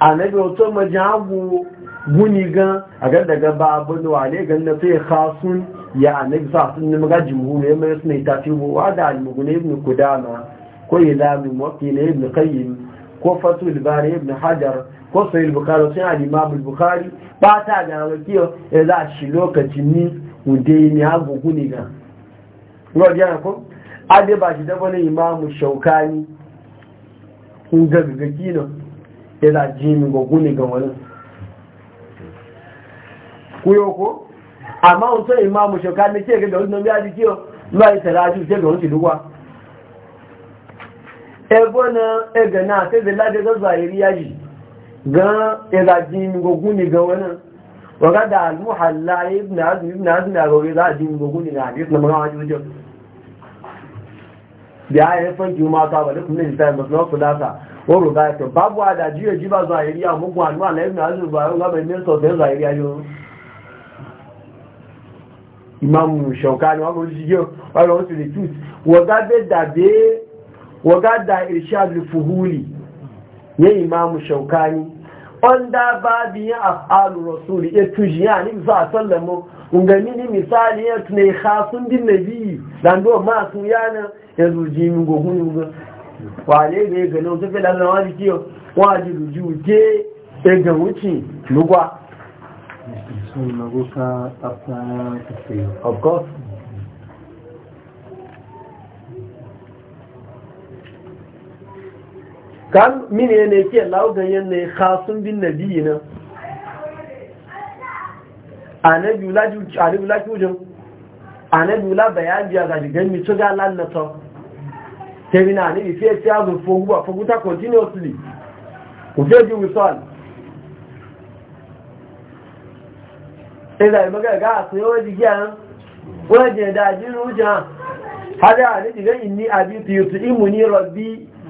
annabi wato majagu guni gan a gan daga abin da wale gan na sai khasun ya annabi sa sun ne maga jumhur ya mai sunai ta tibo wa da al-mughni ibn kudama ko mafi na ibn kayyim ko fatul bari ibn hajar ko sahih bukhari sun al-imam al-bukhari ba ta ga wakiyo ya za shi lokacin ni mu ni hagu guni gan ko ade ba shi daba na imamu shaukani in gaggaki nan ya da jimi ga gune ga wani kuyo ko amma wato imamu shaukani ke ga wani nomi aji kiyo ma yi taraju sai ga wani duwa ebo na ega na sai da lade ga zahiri yaji ga ya e da jimi ga gune ga wani waga da al-muhalla ibn azmi ibn azmi a gauri za a jimi ga gune na hadis na magana wajen da ya yi fanki ma ta bari kuma ne ta yi masu wasu lasa wani ruga babu a da jiya ji ba zahiri a mugun hannuwa na ibn azur ba ne sosai zahiri a yau shaukani jiyo su da da irshad fuhuli shaukani wanda ba biyan af'alu rasuli ya tuji ya ni sa sallamu ungani ni misali ya tunai khasun din nabi dan do ma su yana ya zuji mi go hun go wale ne ga no to fela na wani kiyo waji ruju je e ga wuci lugwa of course kan mine ne ke laugayen ne khasun bin nabi na anabi ulaji anabi ulaji ujun anabi ula bayaji ga digan mi tuga lanato tebina ni ife ti azu fogu fogu ta continuously ko je ju wisal ila e imaga ga so yo digan waje da jiru jan hada ni digan inni abi tu yutimuni rabbi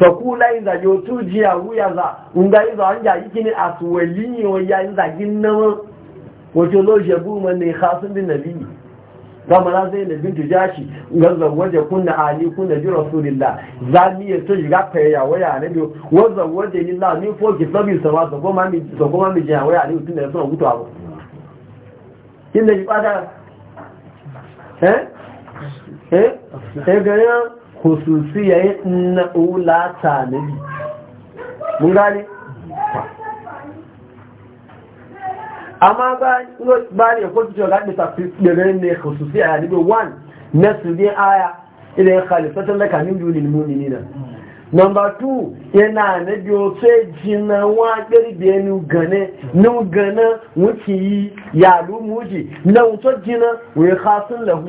sakula inza yotu jiya wuya za nga izo anja ikini asuwelini oya inza ginnawa wato lo shebu mane khasun bin nabi kama na zai da bintu jashi ga zawaje kunna ali kunna bi rasulillah zami ya to shiga ya waya ne bi wa zawaje lillah ni fo ki sabi sama so kuma mi so kuma mi jiya waya ne tun da sun gutu abu kin da ibada eh eh eh ga hususiyar na'ula tanabi mun gane? amma ba ne ko cikin gaɗi tafi ɗirin ne hususiya ya ribe 1 na su ne aya idan khalifatun da kamin junin munini na number 2 yana na biyo sai jina wa ƙirɓe ni gane ni gane wuce yi yalu muji na wuce jina wuyi khasun lahu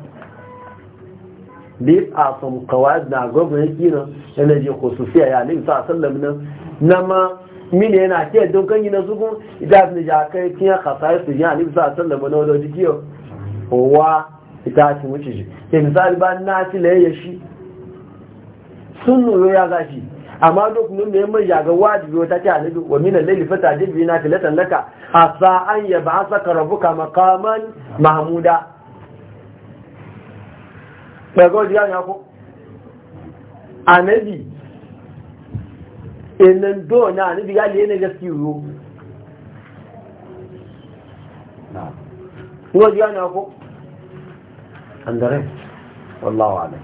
these are some kawai na gwamnati kina yana je khususiya ya alim sa sallam nan na ma mini yana ke dokan gina su kun ita su ne jakai kasa ya su ya alim sa sallam na wadda jikiyo wa ita su wuce shi ke misali ba na ci laye shi sun nuno ya gashi amma duk dokunan da yamma jaga wajibi wata ce alibi wa minan laili fata jirgin na filatan laka a sa'an ya ba saka rabuka makaman mahmuda pẹ̀gọ́ di ànẹ́bì ènìyàn náà ànẹ́bì yá lè ẹnẹ́ gẹ́sì ìrò wọ́n di àyàn ọláwà rẹ̀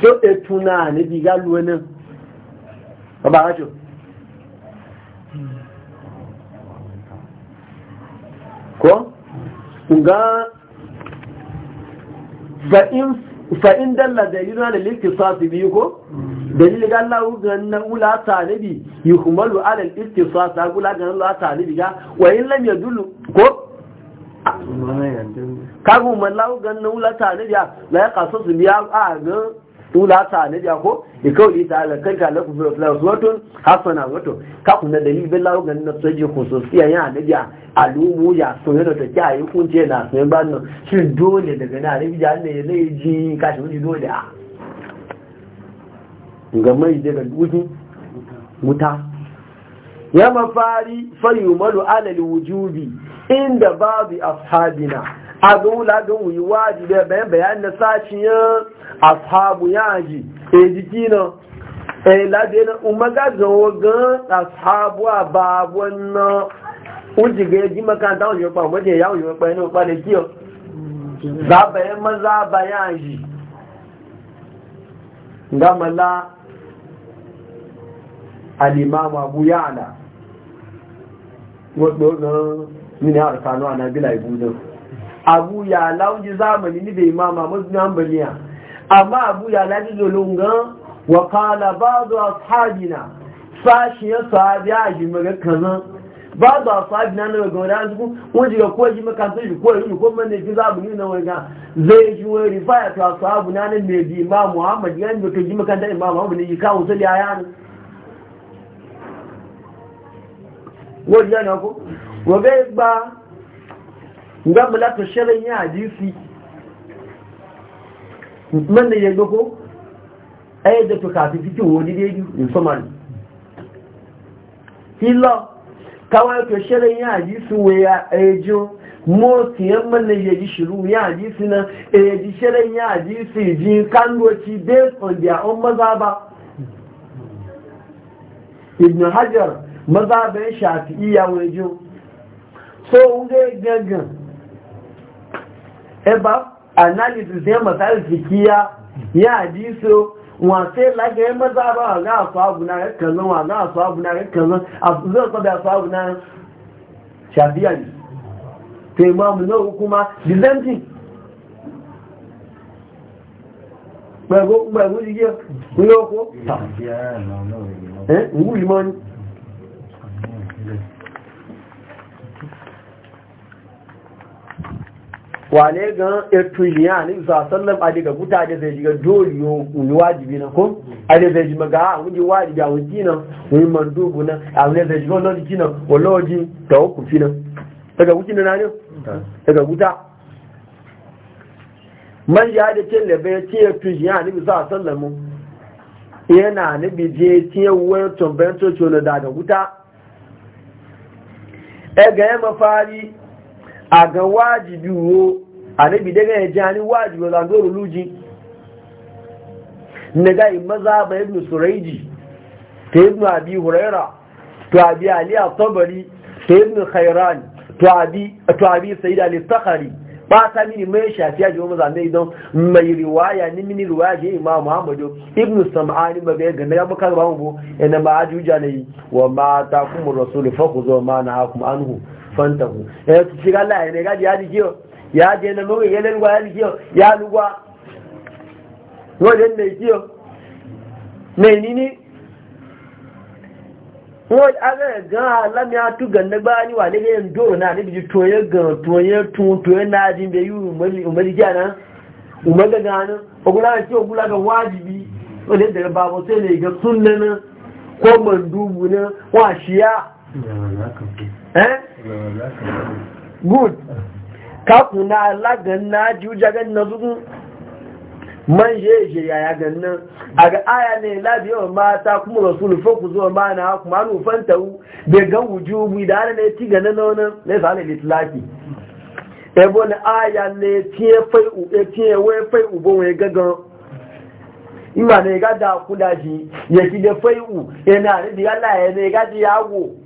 tó ètù náà ànẹ́bì yá lù ẹnẹ́ ọba rájò kọ́ fa'in dalla dalilu na laliki sasi biyu ko? dalilin Allah ganin ula talibi yi kumalu alal istisas na gula ganin ula talibi ga wayin lamya dulu ko? kagun mallahu ganin ula talibi ya la ya kasu su biya a ganin tula ta ne ja ko e ta ala kan ka lafu fil fil wato hasana wato ka kun da dalil na lawo ko nafsa ji khususiya ya ne ja alumu ya so ne ta kya yi kun na sai ban nan shi dole daga na ne ja ne zai ji ka wani dole a ga mai daga dudu wuta ya mafari fayyumalu alal wujubi inda babu ashabina azula ga wuyi waji da bayan bayan na saciyan ashabu yaji e jiki na e lade na umaga ga wagan ashabu a babon na uji ga yaji makanta wuyi kwa wajen ya wuyi kwa yana kwa da kiyo za bayan maza bayan ji gamala alimamu abu yana wadda wagan mini harkanu a nabila ibu abu ya lauji zamani ni bai mama mazuna ambaliya amma abu ya lauji zolongan wa ba zuwa sahabina sashiyar sahabi a ji maga kazan ba zuwa sahabina na ga wadda su kun ji ga koji makasar shi ko yi ko manne fi zabu ne na wanga zai shi wani rifaya ta sahabu na nan mai bi ma muhammad ya ne ka ji makanta imam muhammad ne ji kawo sali a yana wajen ya ko wagai ba nga mula to shirin e ya hadisi e man da ya gako ayi da to kafi fiki wani da ya yi musamman illa kawai to shirin ya hadisi waya ya moti yan man da ya ji shiru ya hadisi na e ji shirin ya hadisi ji kandoci based on their own ba. ibn hajar mazabin e iya wajen so unga gangan eba analysis ya masarar fikiya ya hadiso wace lage ya maza ba a ga asu abu na ya kallon wa ga asu abu na ya kallon abu zai kwabe asu abu na shafiya ne ta yi mamu na hukuma dizenti ba gbẹ̀gbẹ̀ yíyẹ ní ọkọ̀ ta ẹ̀ ń wù ìmọ̀ ni wane ga irtuliya ne a sallam a daga guta da zai jiga dole yo wajibi na ko a da zai jima ga a wuni wajibi a wuni na wuni mandubu na a wuni zai jima wani na wani waji ta hukun fi na daga wuki na ne daga guta man ya da ce da ya ce irtuliya ne sa mu yana ne bi je tiye wani tumbayin tocci daga guta e ga mafari Aga ga wajibi wo a nabi daga ya ji hannun wajibi luji na ga yi maza ba ibn suraiji ta ibn abi huraira ta abi ali a tabari ta ibn khairan ta abi sayid al-sakhari ba ta mini mai shafi a jiwa maza mai don mai riwaya ni mini riwaya je imam muhammadu ibn sam'ani ba bai ganda ya bukar ba mu bo ina ma ajuja yi wa ma ta kuma rasulu fa ma na hakum anhu fantahu eh shiga Allah ya ji kiyo ya je na mu ya lengwa ya ji kiyo ya lugwa wajen ne kiyo wọ́n gan alámi nígbà ní wà ní náà níbi gan tún náà àná àná tí wọ́n lè tún kọ́mọ̀ náà wọ́n good kakuna alagan na juja na zugun man jeje yaya gannan a ga aya ne labi yawan mata kuma rasulu fa zuwa mana kuma an ufan ta u bai ga wujubu da ana ne ti ga nan na ne sa ne litlaki ebo ne aya ne tiye fai u e tiye we fai u bo we gaga ima ne ga da kula shi ya ki da fai u yana e ne di ya e ne ga di yawo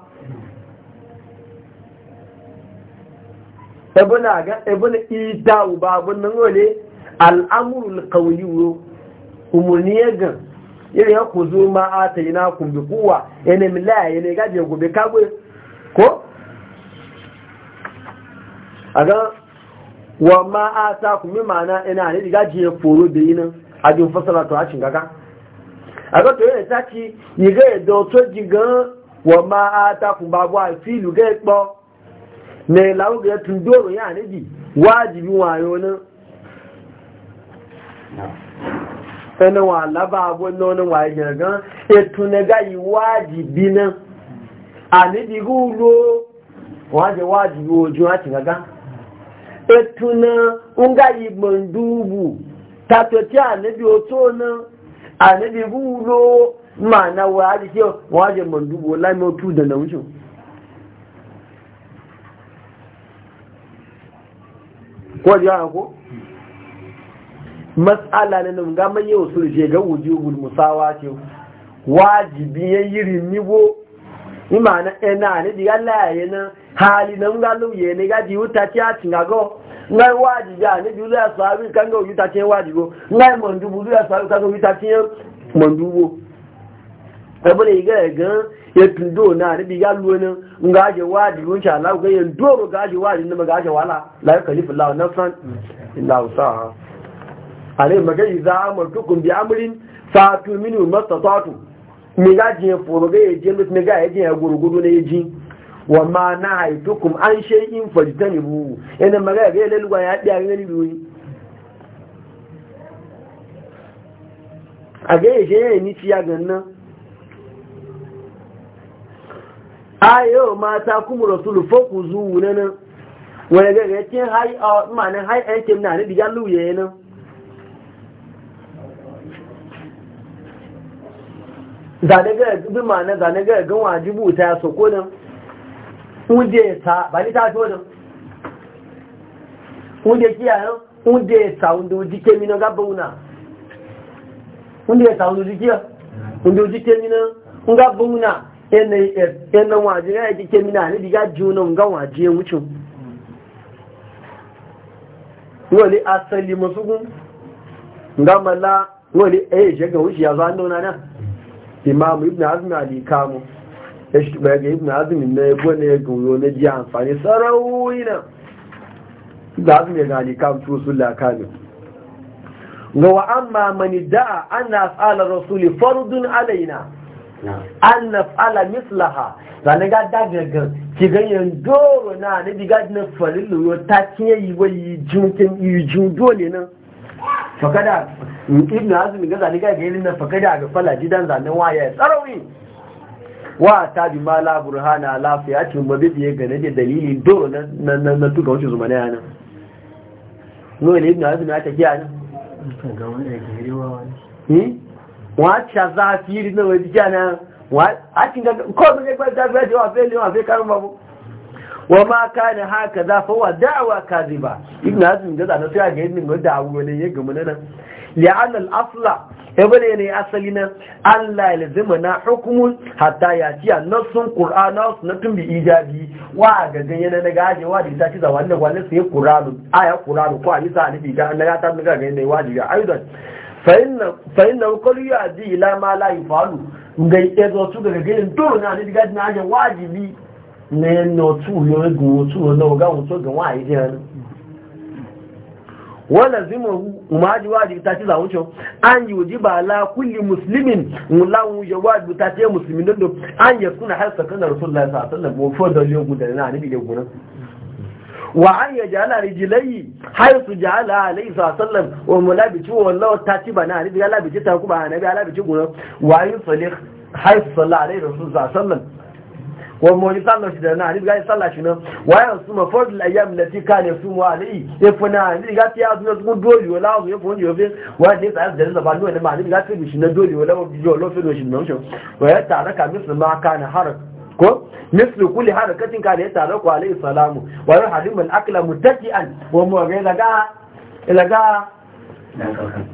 ebuna ga ebuna ida uba bun nan wale al'amrul qawiyyu umurniye ga yiri ya kuzu ma ataina kum bi quwwa ene mila ene ga je gobe kagwe ko aga wa ma mi mana ga foro be yin ajin fasala to a cin gaga aga to yana taki edo to jigan wa ma atakum babu afilu ga mai lauga ya tundoro ya nabi wajibin wayo nan ẹni wà lábàábọ̀ wà ìjẹ̀gán na náà àníbi rúlò wọ́n jẹ wájìbí ojú àti náà ń gá ìgbọ̀ndúbù tàtọ̀ tí àníbi òtó a àníbi na ko ya ko mas'ala ne nan ga mai yau sun je ga wujubul musawa ce wajibi yan yiri nibo imana ena ne diga ya na hali nan ga lu ye ne ga di uta ti ati ga go ngai wajibi ne di la sabi kan ga uta ti wajibo ngai mondu bu la sabi kan ga uta ti mondu bo ebo le ga ga ya tundo na nabi ya luwani nga aje wadi wunci Allah ga yin doro ga aje wadi na ga aje wala la yukallifu Allah nafsan illa wusaha ale magai za amartukum bi amrin fa tu minu mastatatu mi ga je foro ga je mut mi ga je ya gurugudu ne ji wa ma na haitukum an in shay'in fajtanibu ina magai ga lelwa ya diya ngani biwi a ga je ni ciya ganna ayo mata kuma rasulu foku zuwu na nan wani gaga ya hai a ma'anin hai a yankin na ya yi nan zane ga bi zane ga gan wajibu ta ya soko nan unde ta ba ni ta to nan unde kiya nan unde ta unde mi na unde ta unde unde mi na gaba una yanayin waje ya yake kemina ne diga junan ga waje wucin wani asali masu gun gamala wani yi eh, shiga wuce ya zo an dauna nan imamu ibn azmi ali kamo ya shi tuba ga ibn azmi na ya gwane ya gwiwo na ji amfani sarauyi nan ibn azmi ya ga kamo su sun lakamin ga mani da'a ana rasuli alaina an na fala mislaha zane ga dagagan ki ganyen doro na na biga na farin luro ta cinye yi wa yi jinkin yi jin dole nan fakada ibn azumi ga zane ga yi na fakada ga fala jidan zane waya tsarawi wa ta bi ma la burhana la fi ati mu bi biye ga ne dalili doro na na na tuka wuce zuma na yana no ibn azumi ya tafiya nan ne wacha za fili na a yi wacha ngome ngome za vijana wapeli Wa ma ka kana haka za fa da'wa ba? ibn azim da na tsaya ga yin da'wa ne ya gama nan la'an al-asla yabane ne asali na an ya lazima na hukumu hatta ya ci annasun qur'ana na tumbi ijabi wa a ga ganye na daga ji wa da ci za wannan wannan sai qur'anu aya qur'anu ko yi sa ni ga na ga ta ga ne wa ji ga aidan fa'inna kwallo yi aji ila ma layi falu ga ike zo daga gilin turu na ni diga na ajin wajibi na yana otu yo egun otu na oga otu ga wa ayi jiran wala zimu umaji wajibi ta ci zawun cewa an yi wuji ba la kulli muslimin mulan ya wajibi ta ce muslimin don an yi suna har sakanar rasulullahi sallallahu alaihi wasallam ko fodon yogun da na ni bi wa an ya jala rijilai har su jala alaihi sallam wa mulabici wa wallawa ta ci bana a rijiya labici ta kuma a nabi alabici guna wa yi salih har su salla alaihi rasul sallam wa mawani sallar shi da na rijiya ya salla shi nan wa yan su ma fardul ayyam lati kana su mu alaihi ya funa rijiya ta yazo na zuwa dole ya funa yobe wa ne sa da da ba ne ma rijiya ta bi shi na dole wala wa bi shi nan shi ya taraka misma ko misli kulli harakatin ka da ya tare ku alayhi salamu wa ya halim al akla mutaqian wa mu ga daga daga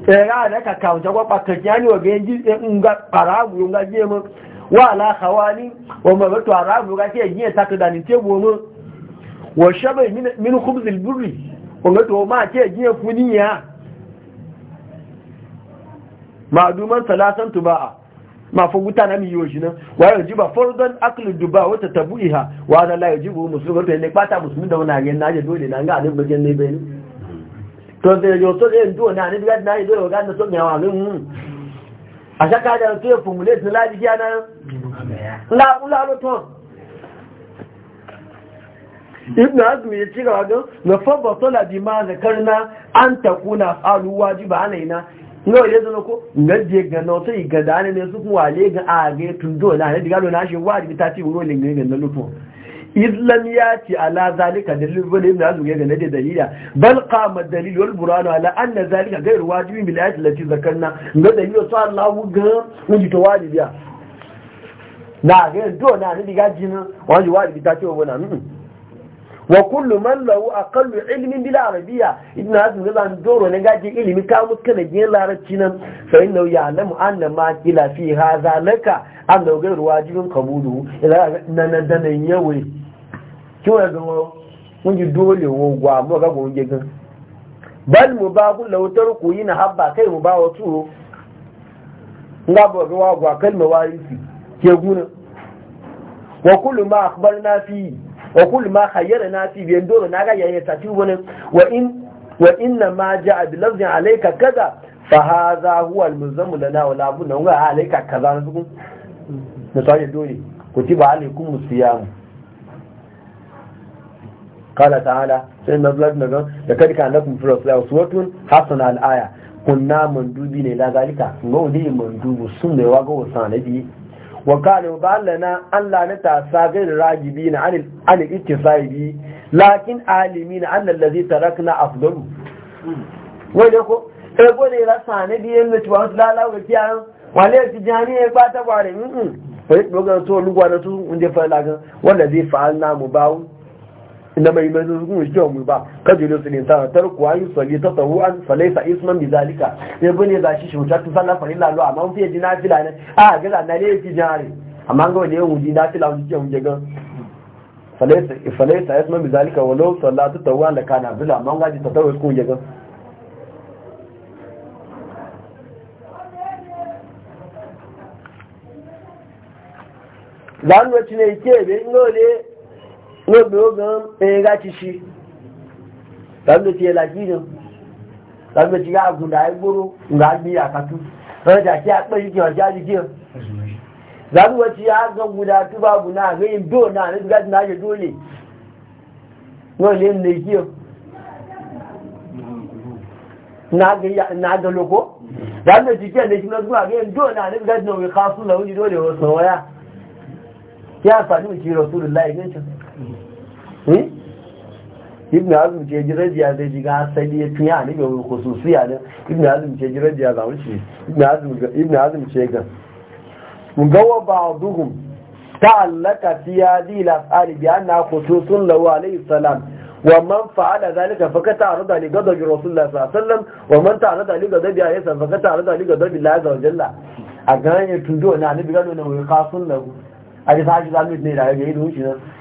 daga da ka ka ta gwaba ta wa genji in ga in eh, ga je mu wa ala khawani wa ma batu arabu ga ke yin ta da ni tebo mu wa shaba min khubz al burri wa ga to ma ke yin funiya ma'duman salatan tuba'a mafin wuta na miyo shi nan wa ji ba fardon aklu duba wata tabuiha wa da la yajibu muslimu to ne kwata musulmi da wani yin naje dole na ga abin ne bai to da yo so da duwa na ne da na dole ga na so ne wa mun a shaka da to ya formulate na laji ya nan Na ula lo to ibn azmi ya ci ga na fa bi ma zakarna an takuna alu wajiba yau ile zana ko ngadde ga na wata ga da ne su kuma wale ga a tun do na ne diga na shi wadi ta ci wuro lingin ga na lutu islam ya ci ala zalika dalil wala ibn azu ga ne da dalila bal qama dalil wal burhan ala anna zalika ghayr wajibin bil ayati allati zakarna ga yo to Allah wu ga wuji to ya na ga do na ne diga jina wani wadi ta ti wuro na wa kullu man lahu aqallu ilmin bil arabiyya ibn hazm ga zan doro ne gaji ilimi ka muska da jin larabci nan fa inna ya'lamu anna ma kila fi hadha laka an da ga wajibin kabulu ila nan da nan yawe kiwa ga mun ji dole wo gwa mu ga go je gan bal mu ba ku lautar ku yin habba kai mu ba wa turo nga ba ga wa gwa kalma yi ke guna wa kullu ma akhbarna fi wa kul ma khayyara na fi biyan dole na ga yayin ta ci wani wa in wa inna ma ja'a bi lafzin alayka kaza fa hadha huwa al-mulzamu lana wa la bunna wa alayka kaza na sukun da sai dole kutiba alaykum siyam قال تعالى سيدنا بلاد نغان لقد كان لكم في رسول الله اسوه حسنه الايه kunna mandubi ne la zalika ga wani mandubu sun da wago ga wasu sanadi wa kale wa ba'alla na an lanata safe da ragibi na an ilke sa'ibi lakin alimi na an lalazi ta raka na afdolu wai dai ko ebo da ya rasa na biyu yin mace ba wasu lalau da kiyar wale su jani ya kwata ba da yi mutum ba yi dogon su wani gwanatu wanda zai fa'al mu bawu? إنما يمزقون جوم با قد يلوس الإنسان ترك ويصلي تطوعا فليس إثما بذلك يبني إذا شيش وشات صلى فإلا الله ما في جنا في لعنة آه قال أنا ليه في جاري أما نقول اليوم جنا في لعنة جوم جعان فليس فليس إثما بذلك ولو صلى تطوعا لكان بلا ما نقول تطوع يكون جعان لأنه تنيكي بإنه ليه wọ́n ẹ̀yìn láti ṣe tàbí ti ẹ̀làjí yàn tàbí ti rágùndà ẹgbóró ńlá àkàtú ọjà tí a pẹ́ yíkì ọjà yíkì hàn zàbíwọ̀ ti ágangùndà tó bá bù náà rí ìdó náà ní gbájú náà yẹ tó lè lè Hmm? ibn azum ce jirajiya zai ji ga asali ya tuya ne bai khususiya ne ibn azum ce jirajiya za wuce ibn ibn azum ce ga gawa ba'duhum ta'allaka fi hadhihi al-af'ali bi anna khususun lahu alayhi salam ومن فعل ذلك فقد تعرض لغضب رسول الله صلى الله عليه وسلم ومن تعرض لغضب عليه da تعرض لغضب الله عز وجل a gane tundo na ni bigano ne wai kasun lahu a ji sa ji zalu ne da ya yi dushi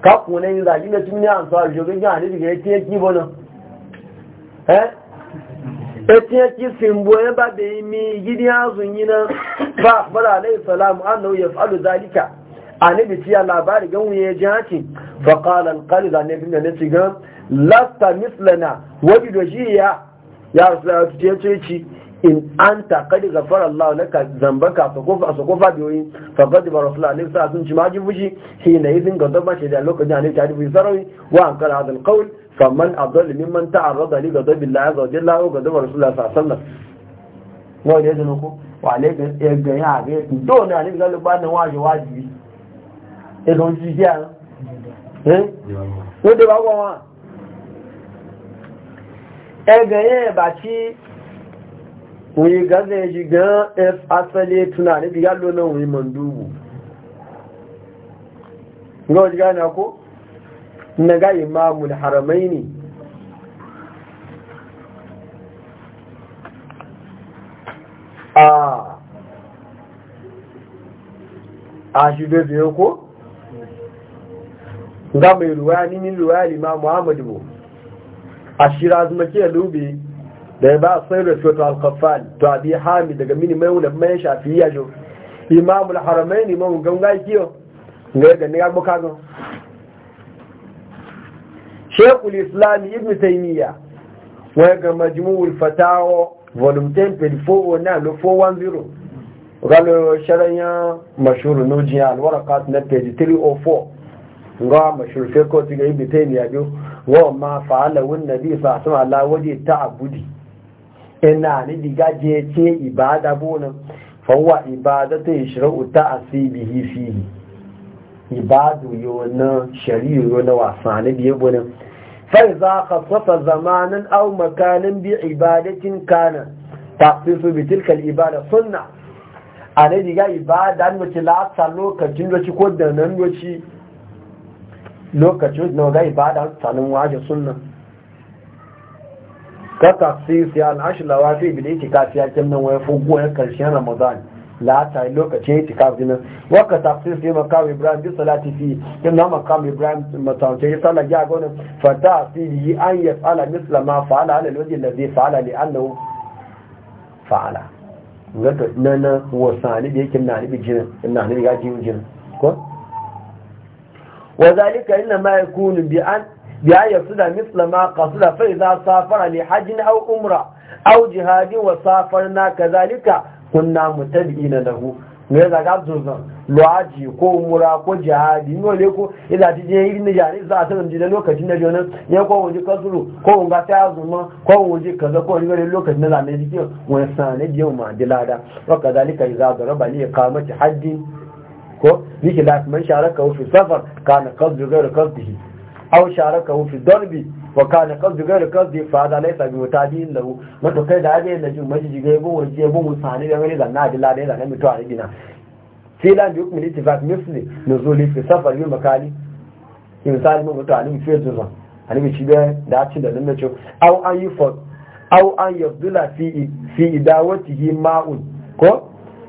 kakun na zagi na tuni an sa joge ga ni diga etin ki bono eh etin yaki, simbo ya eh, ba da yi mi gidi azun na fa bara alayhi salam annahu yaf'alu zalika annabi ti ya labari gan wuye jihati fa qala al qalid annabi da ne tiga lasta mislana wajidoshi ya ya rasulullah ce ci in anta qad ghafara Allah laka zambaka fa kofa so kofa biyoyi fa qad ba rasul Allah sa sun ci majin fushi shi ne idin ga zamba shi da lokacin annabi ta dubi sarawi wa an kala hadal qawl fa man adall mimman ta'arrada li ghadab Allah azza wa jalla wa ghadab rasul Allah sallallahu wa ne zan ko wa le ga ga ya ga do ne annabi ga ba nan waje wajibi e don ji ya eh ko de ba wa ẹgbẹ̀yẹn ẹ̀bà tí wuyi gane ya gan asali tunani bi yallo nan wuyi mandubu ga wajen gane ko na ga imamul haramai ne a a shi bebe ko ga mai ruwa nini ruwa limamu amadu a shira zuma ke lube da ya ba sai da to al-qaffal to abi hami daga mini mai wala mai shafiya jo imam al-haramain imam ganga kiyo ga ga ne abu kazo shekul islam ibn taymiya wa ga majmu'ul fatawa volume 10 page 410 lo 410 galo sharanya mashhur nuji al-waraqat na page 304 ga mashhur fiqh ibn taymiya jo wa ma fa'ala wan nabi sallallahu alaihi wasallam ta waji ta'budi ina ni diga je ce ibada bonan fawwa ibada ta yi shira'u ta asibi hifihi ibadu yo na shari'u yo na wasani biye bonan fa za ka zamanan zamanin makanan bi ibadatin kana taqsisu bi tilka al ibada sunna a diga ibada la latsa lokacin doci ko da nan doci lokacin na ga ibada sanin waje sunna ka tafsisi an ashlawa fi da itika ya kin nan waya fugo ya karshen ramadan la ta lokacin itikafi nan wa ka tafsisi makam ibrahim bi salati fi kin nan makam ibrahim matawce ya sala ya gona fa yi an tsala misla ma fa'ala ala alwaji alladhi fa'ala li annahu fa'ala ngato nan wasani da yake nan bi jin nan bi gaji jin ko وذلك إنما يكون بأن ya yasuda misla ma da fa idza safara li hajjin aw umra aw jihadin wa safarna kadhalika kunna na lahu ne za ga zuzan luwaji ko umura ko jihadi ne le ko ila ti je irin jari za a san da lokacin da jonan ne ko wani kasuru ko un ga ta zuma ko wani kaza ko wani lokacin da zanen jikin wani sanin biyu ma dilada wa kadhalika idza daraba li iqamati hajji ko yake da man sharaka fi safar kana qasdu ghayr qasdihi aw sharakahu fi darbi wa kana qasdu ghayr qasdi fa hada laysa bi mutadin lahu mato kai da aje da jin majiji ga yabo waje bo musani da gani zanna adilla da zanna mutu a dina sai lan bi hukmi ittifaq misli nuzuli fi safar bi makali misali mu mutu alim fi zuwa alim shi da da ci da nan ce aw an yi aw an yabdula fi ma'un ko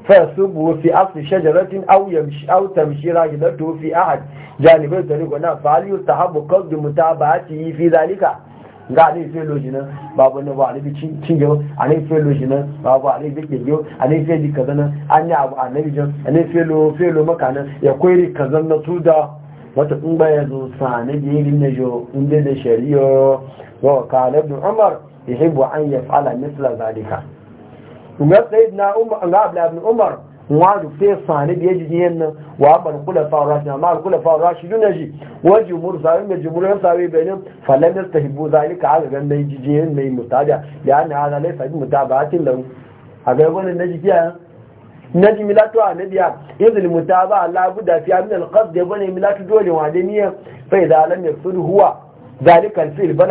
فيصبه في أصل شجرة أو يمشي أو تمشي راجلته fi ahad janibai الطريق na faliyu tahabbu qad mutabaati fi zalika ga a sai loji nan babu ne ba a laifin cingewa a laifin loji nan babu a bi cin a laifin sai di kazana an yi abu a jan a sai lo felo maka nan ya koyi kaza na tu da wata in ba ya zo sane da yin ne jo inda da shari'a wa ibn umar ya hibu an ya misla zalika nga sayyidina umar ga abla ibn umar wa ju fe sani biye ji yin nan wa ban kula fa rashidun ma kula fa rashidun ji wa jumhur sawi me jumhur sawi bayin fa lam yastahibu zalika aga gan dai ji yin mai mutaja ya na ala lai fa mutabatin a ga wannan naji kiya naji milatu anabiya idil mutaba Allah guda fi amin al qasd bane milatu dole wa da niyan fa idza lam yasud huwa bal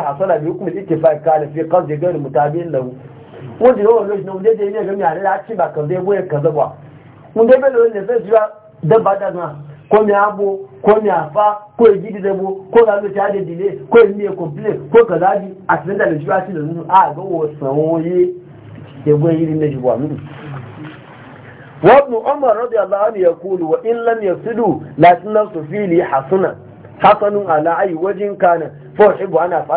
hasala bi hukm al ittifaq kana fi qad غير mutabin lan wọ́n ti lọ́wọ́ lóṣù náà wọ́n dédé ilé ìgbẹ́mí àrẹ́lá tí ìgbà kan déwé kan dọ́gba wọ́n dé bẹ́ẹ̀ lórí lẹ́fẹ́ ìṣúra dẹ́gbà dàgbà kó mi abo kó mi àfa kó èjì dídẹ́bo kó ra lóṣù àdé wá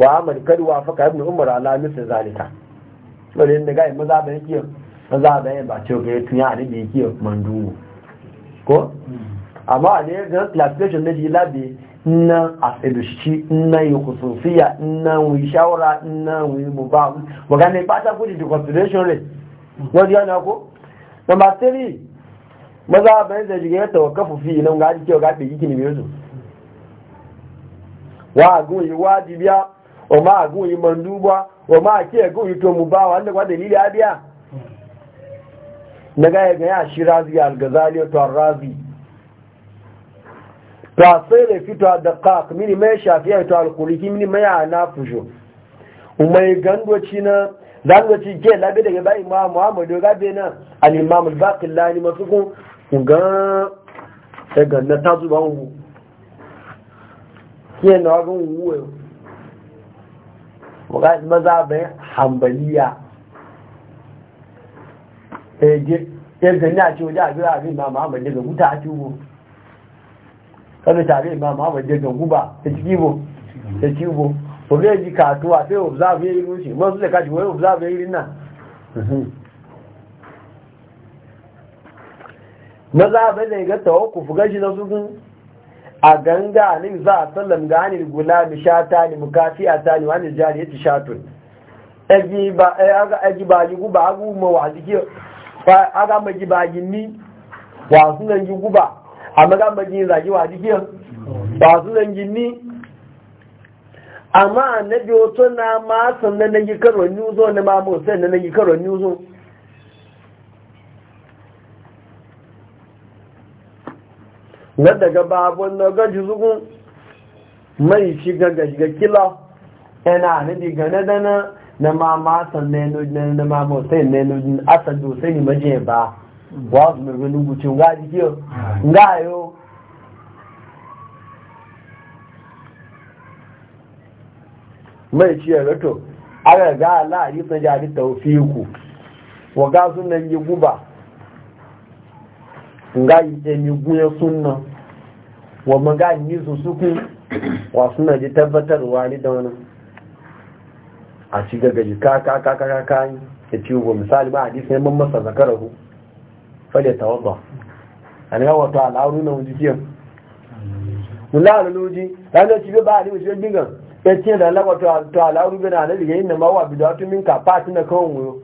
wa amal kar wa faka ibn umar ala misli zalika wani inda gaya maza da yake maza da yake ba ce ga tun ya da yake mandu ko amma ne ga classification na jilabi na asidushi na yi kusurfiya na wi shawara na wi mubah wa ga ne pata kudi the consideration rate wani yana ko number 3 maza da yake jiga ya tawakkafu fi nan ga ji ke ga bi yake ne mai yanzu wa gun yi wajibiya wa ma agun manduba wa ma ake agun to mu ba wanda kwa dalili ya biya na gaya ga ya shi razi al-gazali to razi to asere fito a daƙaƙ mini mai shafiya to al-kuliki mini mai a na fujo mai gandoci na zangoci ke labe daga bayan ma muhammadu gabe na al-imam al-baƙin lani masu kun ga na ganna ta zuba hungu kiyan na wagon wuwa maza bayan hambaliya ya eh, eh, zanya a ce wajen abin abin ma muhammad daga guta a cibo kada tare ma muhammad daga guba ta cibo ta cibo ko zai ji katuwa sai observe ya yi rushe masu da kashi wani observe ya yi rinna maza bayan ga tawakufu gashi na sukun a ganga nin za a sallam ga hannun mi sha ta ne mukafi a ta ne wani jari ya ci sha tun aji ba yi e, guba a ma wa jiki a ma ji ba yi ni wa sunan ji guba a maga ma ji zagi wa jiki wa sunan ji ni amma na biyo na ma sannan na yi karo ni na ma mu sannan na yi karo ni na daga babon na gaji zugun mai shiga gajiga kila yana nabi gane dana na mama san nenojin na mama sai nenojin asad sai ne maje ba ba su mai ganin gucin ga jikiyo ga yo mai ciye rato aga ga ala a yi sanjari ku. wa ga sunan yi guba nga emigun sunna wa maga ni su suku wa suna ji tabbatarwa ni da wani a ci gagaji ka ka ka ka ka ya ci ugo misali ba hadisi yamman masa zakarahu fadda tawadda an ga wato al'auru na wuji kiyan mula aluluji ranar ci ba hadisi wajen gingan ya ce da lagwa to al'auru bin alabi ga yin na mawa bidatu min ka fati na kawon wuyo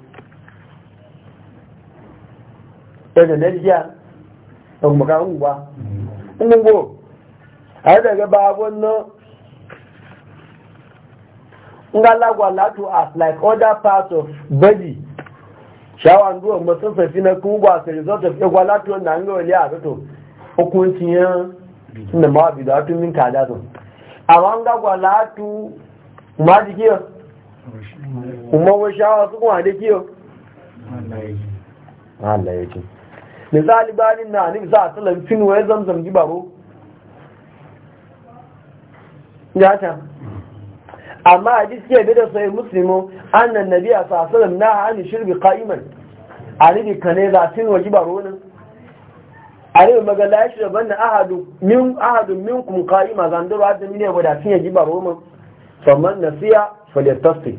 daga najiya ọgbọ̀n ká ń wà gbogbo àrídẹ̀gẹ́ bá wọ́n náà ngalagwa latu as like other parts of body shawa ndo mo sun fe fina kun gwa se result of egwa latu na ngo ile a to hukunci ya na ma bi da tun min ka da to amma ngagwa latu ma ji kiyo kuma wa shawa su kun ade kiyo Allah yake Allah yake misali bayanin na ne za a tsalan fin waye zamzam ji baro ya ta amma hadisi ya bada sai muslimu annan nabi a sasalam na hannun shirbi a ani ka ne za tin wa baro nan ani maga la shi da banda ahadun min ahadu minkum qa'ima zandaro hadin ne ya ji baro man faman nasiya falyastasi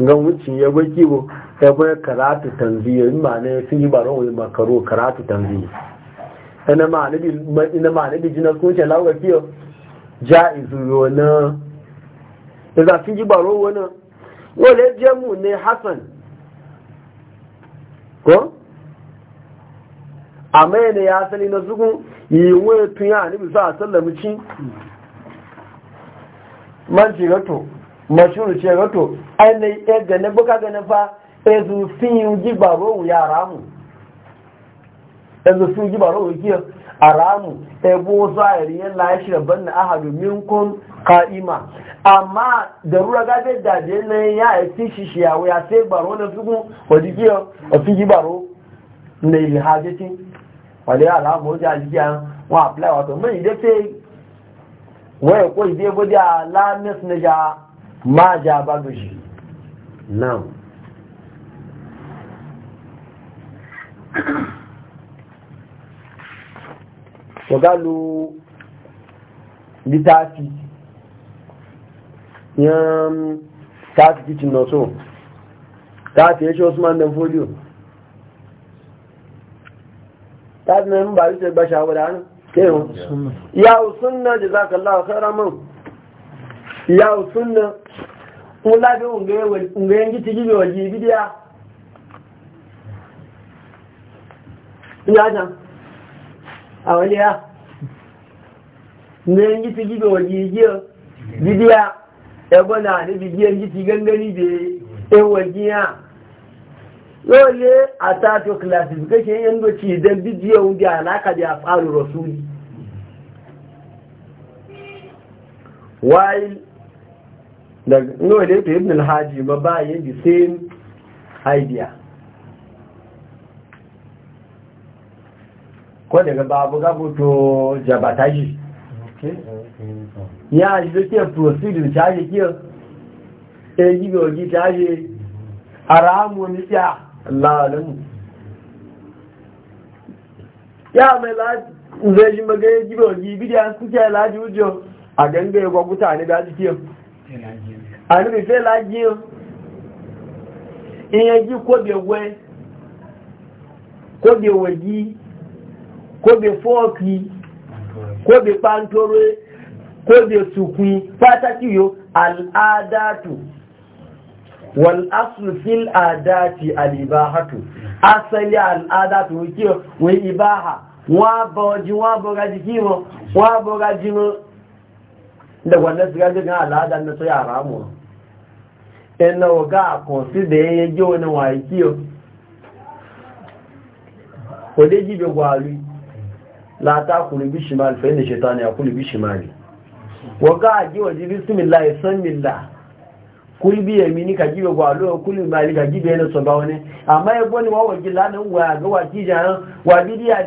ga wuce ya gwaki ko, ya bai karatu tanziya in ma ne sun yi baro wani makaro karatu tanzu ina ma na bi jinar kun shalawa ga kiyo ja izu yana ya za sun yi baro wani wale jemu ne hassan ko mai ne ya sani na zugun yi wani tun ya ni bisa a sallamci manci shiga to mashuru ce rato ainihin ya gane buka gane fa ya zufin yin giba rohu ya ramu ya zufin giba rohu ya a ramu ya bo zahiri ya lashi rabban na aha domin kun ka'ima amma da rura gabe da je ya yi shi shi ya wuya sai baro na suku wadda kiyo a gibaro na yi hajjacin wadda ya ramu wajen ajiyar wa apply wato mai da sai waya ko zai bude a lamis na ja'a ma ja ba ga nan wagalu litafi yan tafi kicin na so tafi ya folio tafi na ba ke yi jazakallah ya sunna kula da unga yanki ya jan a wani ya unga ngiti ci gibi waje bidiya na náà níbi bí ẹjí classification yẹn ló ti ìdẹ́ bí da no da to ibn al-haji ma ba yin the same idea ko daga babu gabu to jabataji ya ji da ke proceed da ji ke e ji go ji ta aramu ni ya Allah alamu ya mai laji zai ji magaye ji go ji suke laji ujo a ganga ya gwaguta ne da ji àníbi fẹ́ lájí o ìyẹn jí kóbi wẹ́ kóbi wẹ̀jí kóbi fọ́ọ̀kì kóbi pàntóró kóbi yóò al'adatu wal aslu fil adati al ibahatu asali al adatu wikiyo wai ibaha wa bọ̀ọ̀jí wa kí wọn wa bọ̀ọ̀gájí da wanda su gaji gan al'adar na sai haramu in Ina waga a kunsi da ya yage wani waye kiyo ko dai gibe gwari la ta kuli bi shimal fa inda shaitani ya kuli bi shimali waga a ji waje bismillah ya san billah kuli bi mini ka gibe gwari o kuli mali ka gibe na so ba wani amma ya gwani wa waje lanin wa ga wa kijan wa bidiya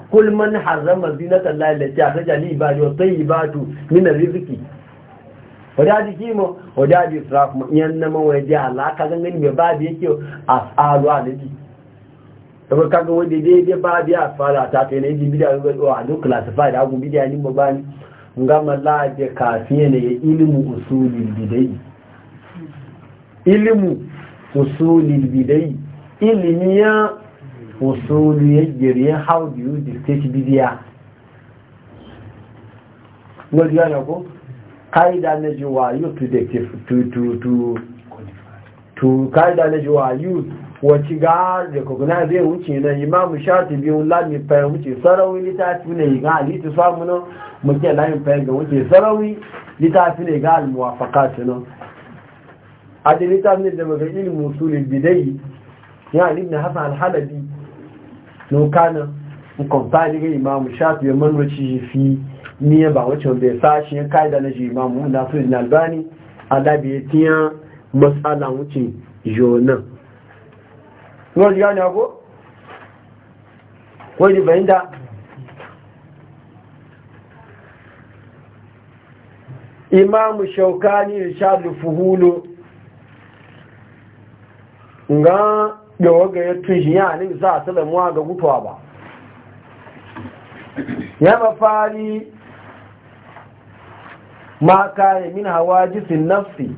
kul man harrama zinatan la ilaha illa jali ibadu tayyibatu min rizqi wada ji kimo wada ji israf mu yan nama waje alaka gan gani mai babi yake asalu alaji saboda kaga wanda dai dai babu asala ta kai ne ji bidiya ga a duk classified agun bidiya ni babani ngama la je kafiye ne ilmu usulil bidai ilmu usulil bidai ilmiya usulu ya gire how do you dictate bidiya ngol yana ko kaida na ji wa you to dictate to to to to kaida na ji wa you wace ga recognize zai wuce na imamu shati biyu lami fayin wuce sarawi littafi ne ga halittu samu nan muke lami fayin ga wuce sarawi littafi ne ga almuwafaka su nan a da littafi ne da maga ilmu usulul bidai ya ibn hasan al nukanin kwamfani ga imamu shafi ya manwaci fi niya ba wacin bai sashi ya da na shi imamu na su na albani alabi ya tiya matsala wuce jonan wani gani ako? wani bayan da imamu shaukani ya sha fuhulu ga E da waga e ya tun shi ya ne za a salamuwa ga gutuwa ba ya mafari ma kare min hawa jisin nafsi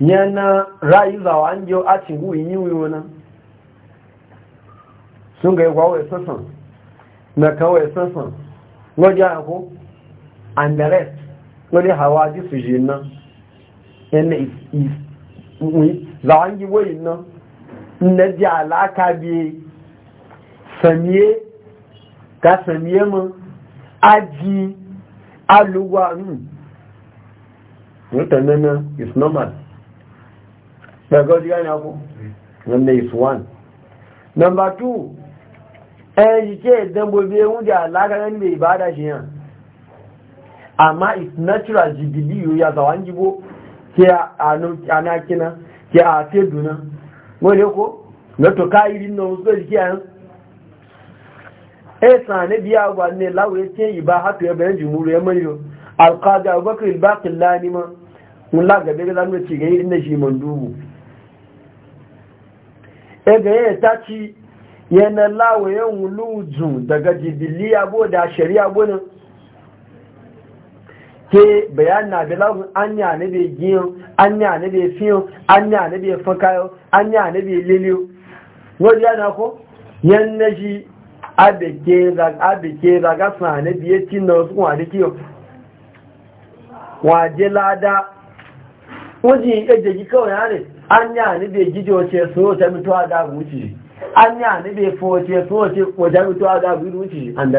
yana rayu zawa an yau a cingu yi yiwu nan sun ga yi kwawai sassan na kawai sassan wajen ako and the rest wajen hawa jisun shi nan yana zawa an yi wayin nan na ji alaka biye samiye ka samiye mu aji aluwa nun wata na is normal daga wajen gani wanda is one number two ẹn yi ke dambo biye wunde alaka gani mai ibada shi yan amma is natural jibili yoyi a zawon jibo ke a anakina ke a teduna wani ko na to kayi rinna wasu da jiki yan e sane biya wa ne lawo ya ce yi ba haka ya bayan jimuru ya manjo alkaga abubakar ilbakin lanima mula gabe da zamu ci gani rinna shi mandubu e ga ya ta ci yana lawo ya wulujun daga jibiliya bo da shari'a bo nan ke bayan na bilawun anya ne bai giyo anya ne bai fiyo anya ne bai fakayo anya ne bai liliyo wani yana ko yan na shi abike zaga sane biye cin na wasu wani kiyo waje lada wajen yi ejegi kawai ya ne anya ne bai gijo ce so ta mutuwa da wuce anya ne bai fo ce so ce wajen mutuwa da wuce and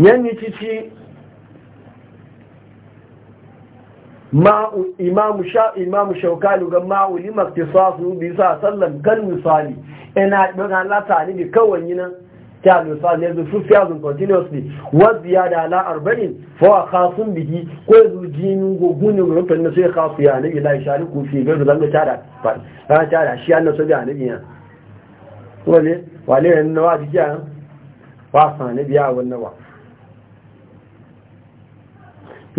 yanni cici imamu sha imamu shaukalu ga ma'uli maktisasu bi sa sallan kan misali ina ɗaga lata ne bi kawai yi nan ta misali yanzu su 5000 continuously wasu ya da ala arba'in fawa khasun biki ko yanzu jini gogunin rufin na sai khasu ya nabi la shari ku fi gari zanga tada rana tada shi an nasu da nabi ya wale wale yanzu na wa jikiya wa nabi ya wannan wa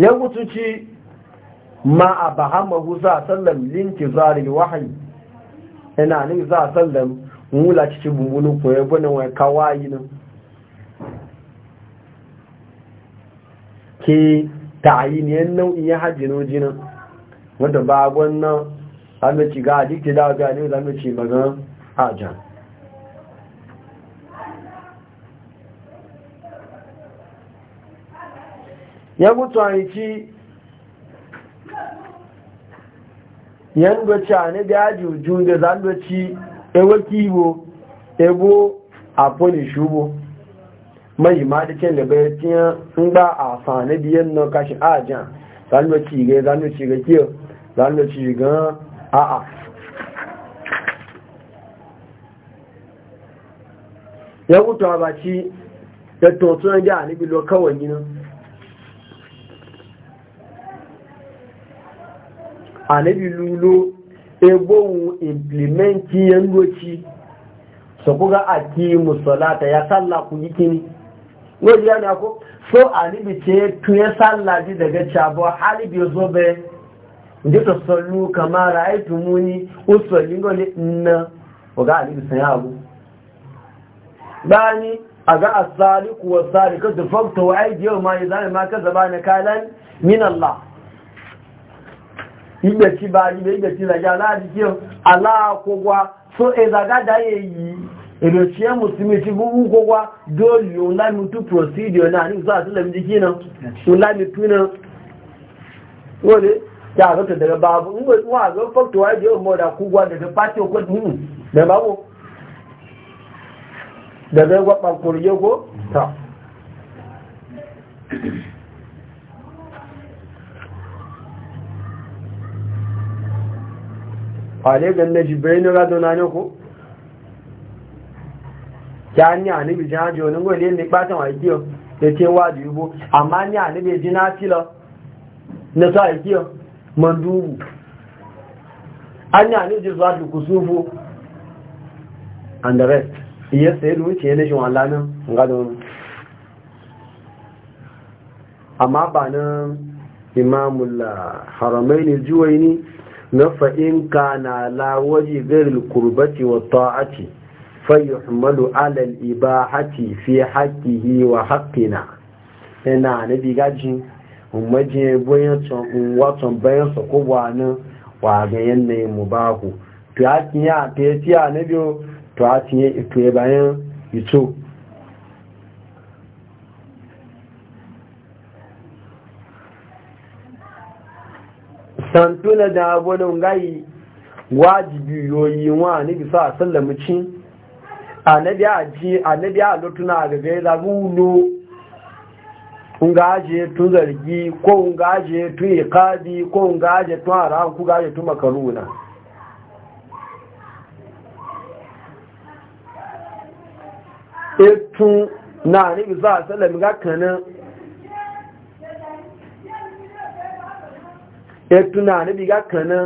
ya mutuci ma a bahamahu za a sallam linki zarin wahayi ina ne za a sallam mula cikin ko ya bane wai kawai nan ke ta'ayiniyar nau'in ya hajji noji nan wadda ba wannan zamanci ga a dikti da gani zamanci magana a jan ya mutu a yanki yan a ne da yaji uju da zan doci ewe kiwo ebo a poli shubo mai ma da kyan da bayan tiyan sun ba a sani biyan na kashi a jan zan doci ga zan doci ga kiyo zan doci ga a'a ya mutu a baci ya totunan ja a nibi lo kawai ginin anabi lulo ebohun implimenti yangoci so kuga akimu salata ya salla ku yikini kini wani yana ko so anabi ce tuye salla ji daga chabo hali ya zo bai ndi to sallu kamar ra'aitu muni usalli ngole na ga anabi sanya abu bani a ga asaliku wa salikatu fakta wa ai yau ma yi ma kaza ba kalan min Allah ìgbẹ̀tí bá ilẹ̀ ìgbẹ̀tí ìrìnàjá aláàrí kí aláàkọwà so ẹzàgádá èyí èrò tí ẹ mùsùlùmí ti gúgú kọwà dóòlì olámi procedure náà ní ìsọ́ àtúlẹ̀ méjì náà olámi náà wọ́n kwale gan na jibirai na rado na ne ko ya ni anibi jin ajo ni ngole ni patan wa ikio te te wa di ubo ama ni anibi jin ati lo na sa ikio mandubu anya anibi zo adu kusufu and the rest iye se lu ti ene jin ala na nga do amma ba nan imamul haramain al-juwayni na fa'in ka na lawaji garil kurbati wa ta'aci fayyuhmalu alal ibahati fi haƙihi wa haƙina yana na bigaji umarjin watan bayan sakowa na ga yanayin mubahu to ya tiya na biyu to ya bayan ito santuna da wani ngayi wajibi yoyi wa ni bisa sallamu cin annabi a ji annabi a lotuna ga gai da gulo ungaje tun zargi ko ungaje tun ikadi ko ungaje tun haram ko ungaje tun makaruna etun na ni bisa sallamu ga kana. ẹ̀tùnà àníbì gá kan náà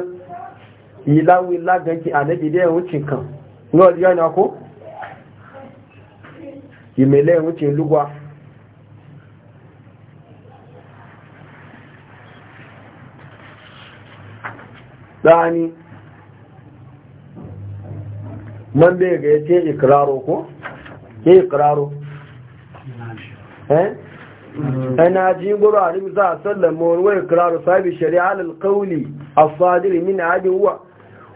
ìláwí lágbàkí àníbì dẹ́ ẹ̀hún ti kàn ní ọdíyọ́ ní ọkú ìmẹ̀lẹ̀ ẹ̀hún ti lúgbà láàání mọ́bẹ̀ẹ̀rẹ̀ tí ìkìrarò kó kí ìkìrarò ẹ́ ana ji goro a nabi za a sallama wani kiraru sahibi shari'a alal kauli a sadiri min abin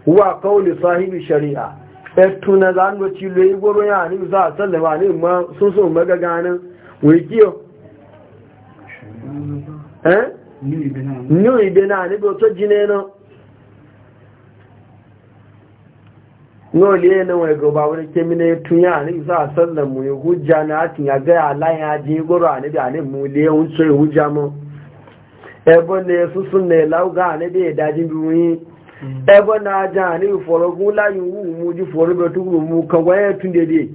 huwa kauli sahibi shari'a ɗattu na zanuwa cilo yi goro ya nabi za a sallama ne ma sun so magaganin wikiyo eh? ni ibe na nabi wato jine na yau ne na wani gaba wani kemina tun ya ne isa sallan mu ya hujja na atin ya gaya Allah ya je goro a nabi a ne mu le ya wuce ya hujja mu ebo ne su sun ne lauga a nabi ya dajin biyu mm. ebo na aja a nabi forogun layin wu mu ji foro bai tukuru mu kan waya tun da dai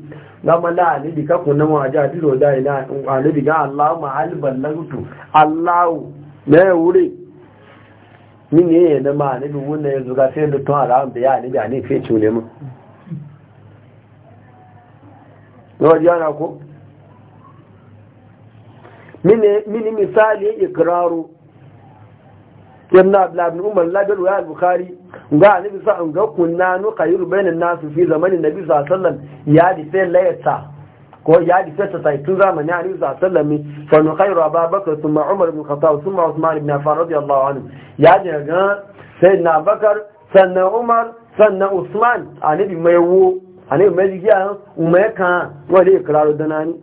gama la a nabi ka kunna mu aja diro da ina a nabi ga Allah ma halban lantu Allah me wuri min ne yana ma ne bi wannan ya zuga sai da tun ala'an da ya ne bi a ne fiye cune mu yawon yana ko mini misali ikiraru yamna abdullahi umar labar wa al-bukhari ga annabi sa'an ga kunna nu khayru bainan nas fi zamanin na bi alaihi wasallam ya di sai layata ko ya ji ta sai tun zamani a alaihi wasallam fa nu khairu ababakar thumma umar ibn khattab thumma usman ibn affan radiyallahu anhu ya ji ga na bakar sannan umar sannan usman anabi mai wo anabi mai jiya umar kan wani ikraro danani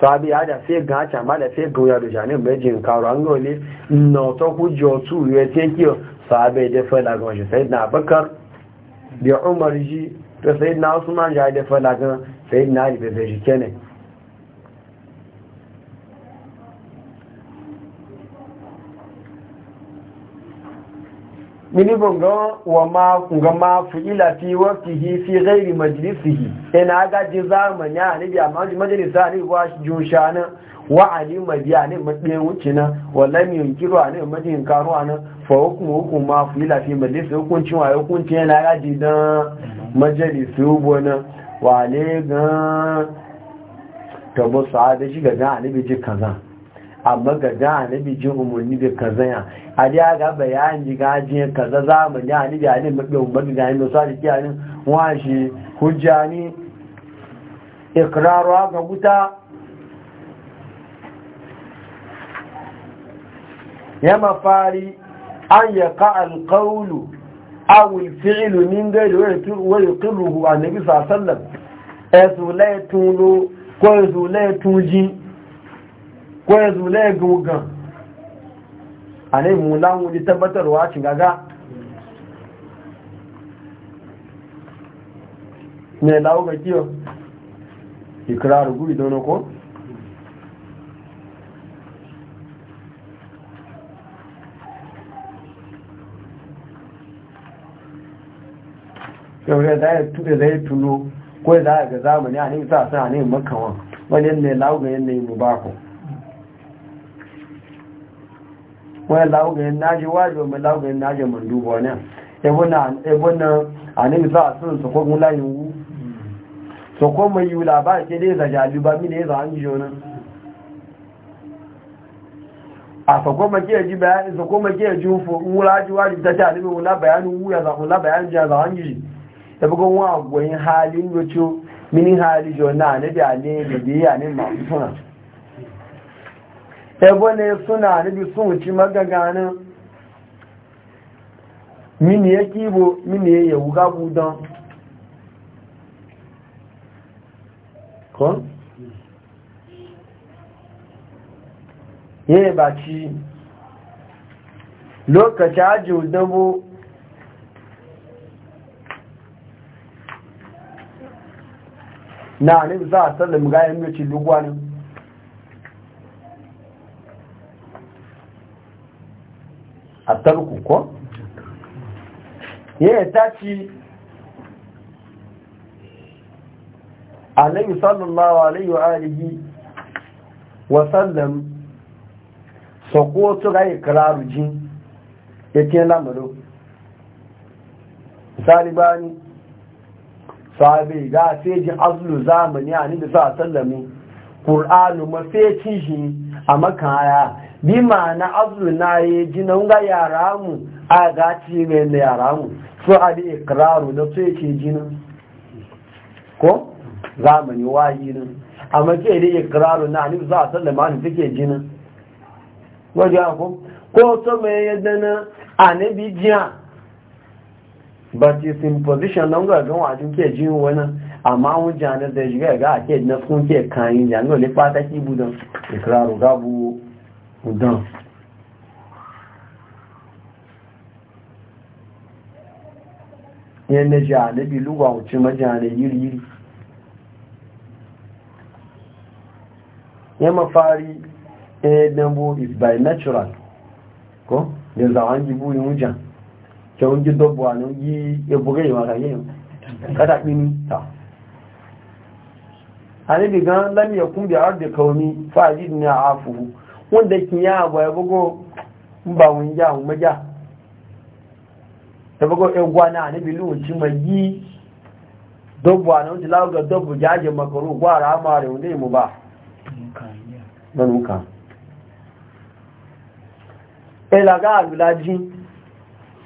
sabi ya da sai ga ta mala sai ga ya e da ne mai jin karo an gole no to ku jo tu ya teki sabe da fa la ga sai na bakar da umar ji sai na usman ya da fa la ga sai na bai zai shi kene minibin ga wa ma ma fu'ila fi waqtihi fi ghairi majlisihi ina gaji zamani a nabi amma majalisa ne wa jushana wa alima bi ne madiyan wucina wa lam yunkiru ne madiyan karuwa na fa hukumu hukum ma fu'ila fi majlisihi hukuncin wa hukuncin yana gaji dan majalisi ubona wale gan tabo sa'ada shi gaga anabi ji kaza amma ga anabi ji umarni da kaza ya a da ya ga bayan ji gajiyar kaza zamani anabi anabi maɓe umarni da anabi sa da kiyanin washe hujja hujjani, iqraru ga wuta ya mafari an al qawlu awul fi'ilu min gairi wa yuqirruhu annabi sallallahu alaihi wasallam ezulai tulo ko tuji ko ezulai gugan anai mu lan wuri tabbatarwa cin gaga lawo ga kiyo ikrar guri dono ko yau da ya tuɗe da tuno ko da ya ga zamani a ne sa sa a ne makawan wani yadda ya lauga mubako wani lauga yadda na wajen wani lauga na manduba wani ebonan a ne sa a su kogun layin wu so ko mai yi labari ke dai zajali mi ne za a sako ke ji bayani ji wula ji ta ta alimin wula bayanin wuya za wula bayanin za da bugun wa goyin halin yocho mini hali jona ne da ne bibiya ne ma suna ebo ne suna ne bi sun ci na mini ya kibo mini ya yawu gabu don kon ye ba ci lokaci ajiyu dabo na ne za a sallin ga yan yace ne. a tarku ko yaya ta ci annabi sallin alaihi wa alihi wa sallam sokoto ga ikraru jin yake lamaro ba ni. sahabi ga sai jin azlu zamani a ni da sa sallami qur'anu ma sai ci shi a makaya bi ma'ana azlu na yi ji nan ga yara mu a ga ci ne na yara mu so a bi ikraru na sai ci ji nan ko zamani wayi nan a ke da ikraru na ni sa a ni take ji nan wajen ko ko to mai yadda na anabi jiya but is position don ga gan wajin ke jin wani amma wun janar da shiga ga ake na sun ke kayan janar ne fata ki budan ikraru gabu budan yadda janabi luwa wuce majanar yiri-yiri ya mafari ɗaya dambo is by natural ko da zawon gibu yi wujan ṣeun yi dọ́bọ̀ àná yí ebúrẹ́ ìwọ̀n àyè kátà pín ta a bi gan lámì ẹkùn bí àádẹ́ kàwọmí fàájì ní àáfòhù wọ́n dẹ̀ kí yá àbọ̀ ya ń bà wọn yá àwọn mẹ́já ẹgbogbo ẹgbà náà níbi ló ti mọ̀ yí dọ́bọ̀ àná ti láwọ́gà dọ́bọ̀ jáde makaru gbára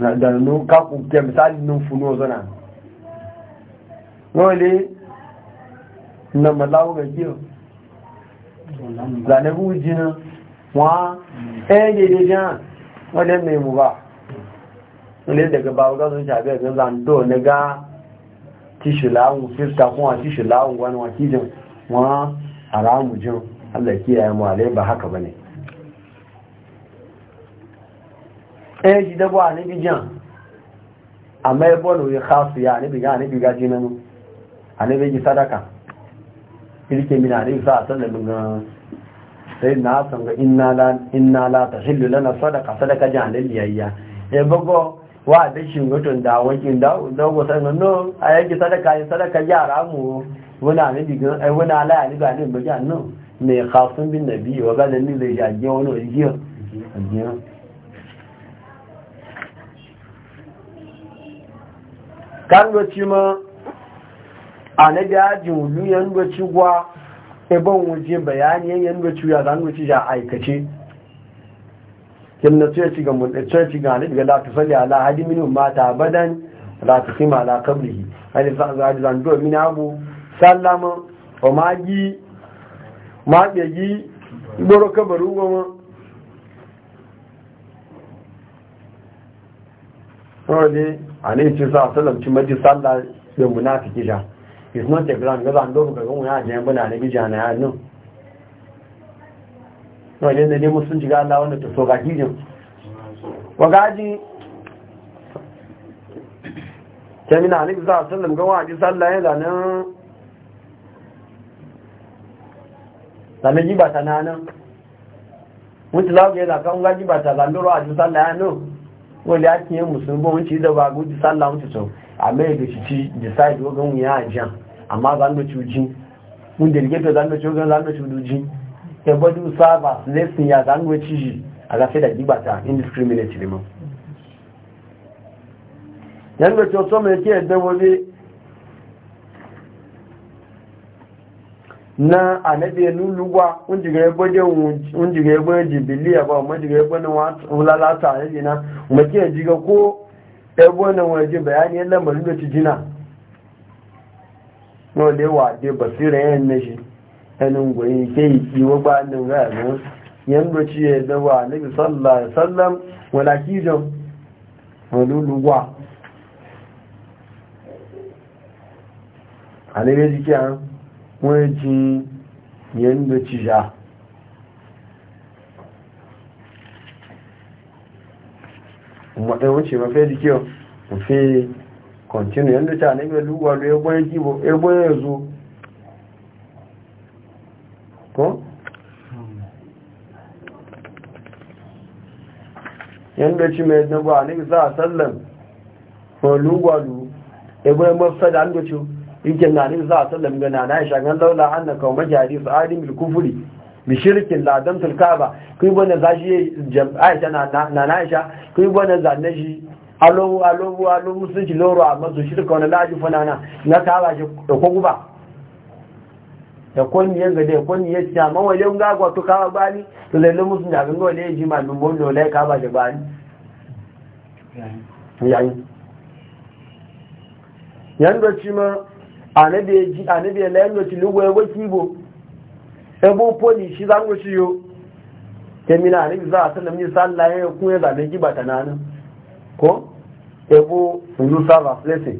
da nun kaku ke misali nun funo zana wale na malawo ga kiyo zane bujin wa ɗaya daidai jan wale mai mu ba wale daga babu ga sun shafi ga zando na ga tishu lawun fifta kuma tishu lawun wani wakijin wa haramu jin allah kiyaye mu alai ba haka ba ne ɗaya eh, shi dabo a nabi jan a mai bolo ya kasu ya nabi ga nabi gaji nan a nabi ji sadaka ilke mina ne sa a sanar ga sai na san ga inna la ta hillu lana sadaka sadaka jan laliyayya ya e, bago wa da shi mutum da wakin da dago sai no a yake sadaka yi sadaka yara mu wani nabi ga ai e, wani la ni ga ni ba jan no mai khasun bin nabi wa ga ni zai jaje wani wajiya kan doci ma a na jajin wulu yan doci gwa ibon e waje bayani yan doci ya zan doci ya aikace kim na tsaye ci ga mun ce ci ga ne da la ta sali ala hadi min mata badan la ta kima ala qabrihi hadi za za zan do min abu sallama o magi magi gboro kabaru goma wani a ne ce sa salam ci maji sallah ya munafiki gida is not a grand gaza an dogo gagan wani jiyan bula na bija na yannu wani da ne musun jiga Allah wanda ta so ga gijin wagaji kemina ne sa salam ga wani sallah ya zanen zanen jibata na nan mutu lagu ya zaka ngaji bata zandoro a ji sallah ya nan wanda ake yin musulmi wanci da ba guji sallah wanci sau a mai da shi ci decide wagan wuya a jan amma zan da cuji mun delegate zan da cuji zan da cuji ya badu saba lesson ya zan da ciji a gafe da gibata indiscriminately ma yan da cewa so mai ke yadda wani na anabi lulugwa unjiga egbe unjiga egbe jibili ya ba majiga egbe na lalata anabi na makiya jiga ko egbe na waje bayani yalla malulo ci jina no le wa de basira yan ne shi anan goyi yi wa ba nan ga no yan do ci ya da wa nabi sallallahu alaihi wasallam wọ́n jí yẹn ló ti yá ẹwọ́n ṣe mọ́fẹ́ kí ọ fi kọ̀ntínú yẹn ló ti ní lúwọ́ lọ ẹgbọ́n ẹgbọ́n ẹ̀zọ́ kọ́ yẹn ló ti mẹ́ẹ̀dẹ́gbọ́ àníbẹ̀ sáà pẹ̀lú wà ẹgbọ́n ẹgbọ́n fẹ́ yake na ne za a sallam gana na gan laula anna kaw majari su adi bil kufri bi shirkin la dam tul kaaba kai bana za shi Aisha na na Aisha kai yi za zane shi alo alo alo ci loro amma su shirka wani laji fanana na kaaba shi da koguba da kwaniyar ga da ya ci amma wajen gagwa to kawo bani to lalle musu da gangawa ne ya ji mamin bondo lai ka ba shi bani yayin yayi da ci ma anabi elengoci lugu ebo kibo ebo poli shi za zango shi yo temina anabi za a sallam yi sallaye ya kuma zaɓe giba ta nanin ko ebo fulu sava flese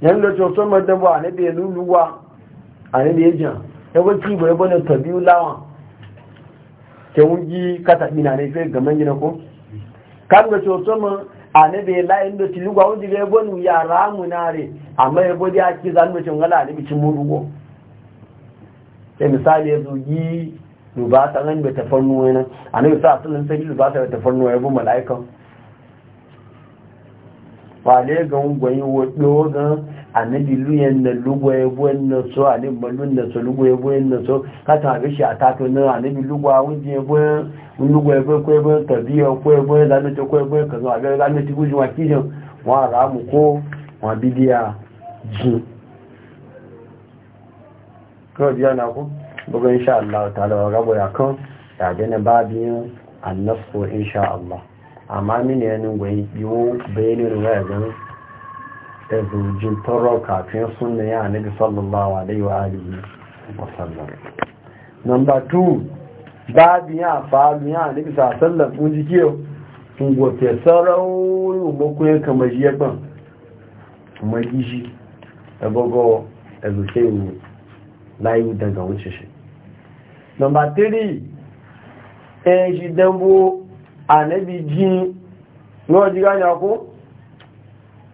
yadda ce wasu madaba anabi ya luluwa anabi ya jan ebo kibo ebo na tabiu lawan ke wuji kata ina ne fe gaman gina ko kan ga coto mu a ne bai layin da tilugwa wuji ga yabo nu ya ramu re amma yabo a ki zan mu cin gala ne bicin rugo sai misali ya zo yi lubata nan bai tafarnuwa nan a ne sa sunan sai lubata bai tafarnuwa bu mala'ikan fale ga ngwayi wato ga annabi luyan na lugwa ya buwan na so annabi malun na so lugwa ya buwan na so ka ta ga shi a tato na annabi lugwa wunje ya buwan lugwa ya buwan ko ya buwan tabiya ko ya buwan da nace ko ya buwan ka zo a ga ga nace gujin wa kijin wa ramu ko wa bidiya ji ko biya na ku bugun insha Allah ta'ala ga boya kan ya ga ne babin annasu insha Allah amma mini yanin gwai yiwu bayanin waya gan da zurjin taurar kafin suna ya nabi sallallahu alaihi wa alihi wa sallam number 2 babu ya faru ya nabi sallallahu kun ji kiyo tun gote sarau ba ku yan kamar ji yaban kuma gishi da gogo da zuke daga wuce shi number three eh shi anabi ji yau ji gani ko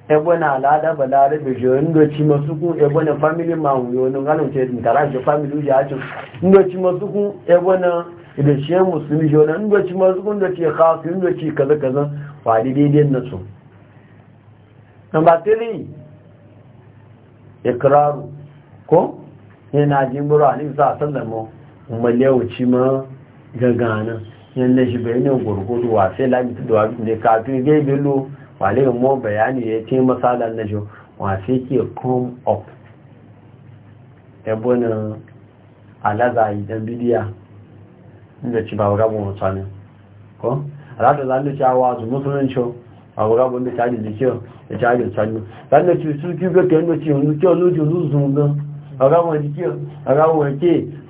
ebe na al'ada ba da arabe jiyo ndoci masu kun ebe na family man yau nun ganin ce mutara shi family uji a cin ndoci masu kun ebe na da shi yan musulmi jiyo na ndoci masu kun da ce kasu ndoci kaza kaza ba di daidai na su number three ikraru ko yana jimbura a nisa a sallama mallewuci ma gagana yin na shi bayanin gurgudu wa sai lami da wa ne kafin zai bello wale yin mo bayani ya ce masala na shi wa sai ke come up ebonin alaza idan bidiya inda ci babu gabon mutane ko rata za ni cewa su musulunci babu gabon da cari da kyau da cari da cari za ni ci su kyau ga kyan da ci yanzu kyau lojin zuzu zungan a gabon da kyau a ke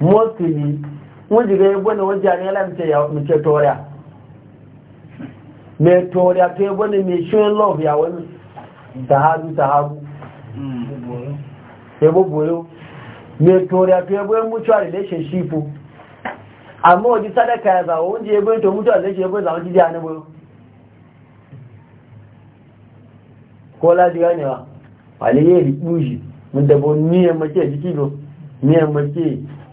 mostly wọ́n jìgẹ̀ ẹgbọ́n wọ́n jẹ́ àríyànlá mìtẹ́ tọ́rẹ́ mẹ́ tọ́rẹ́ tó ẹgbọ́n ni mẹ́ ṣe lọ́ọ̀bì àwọn ya tàhálù ẹgbọ́gbọ́rọ́ mẹ́ tọ́rẹ́ tó ẹgbọ́n mutual relationship àmọ́ ọdí sádẹ́kà ẹ̀zà oúnjẹ ẹgbọ́n tó mutual relationship ẹgbọ́n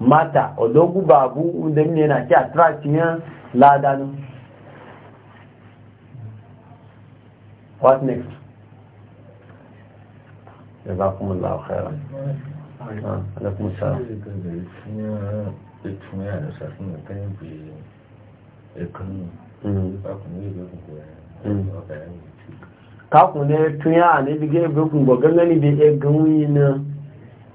mata odogu babu da mine na ki attraction ladan what next jazakumullahu khairan ah, alaikum assalam hmm. kakun ne tun ya ne bi ga ebe kun gbogbon gani bi egun yi na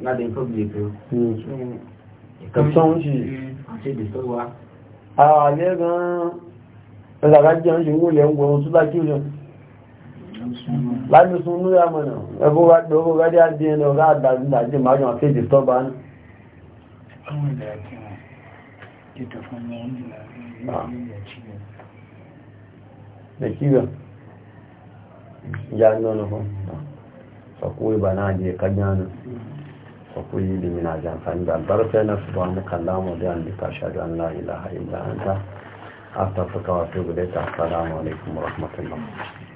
na da public ìkàmsọ́nṣì ààrẹ gan ẹ̀sàkà jẹ́ ń ṣe ń wòlẹ̀ ń wọ̀n tó láti rẹ̀ láti sun ní àmànà ẹgbó rádí àdí ẹni ọ̀rá àdájì máa jọun àfẹ́ ìdìtọ́bà ní Nàìjíríà ah. ìyá náà lọ́fọ́n, ṣàkó ìbà náà jẹ kájá náà. فقولي لي من عجان فان بالبركة سبحانك اللهم وبحمدك أشهد أن لا إله إلا أنت أستغفرك وأتوب إليك السلام عليكم ورحمة الله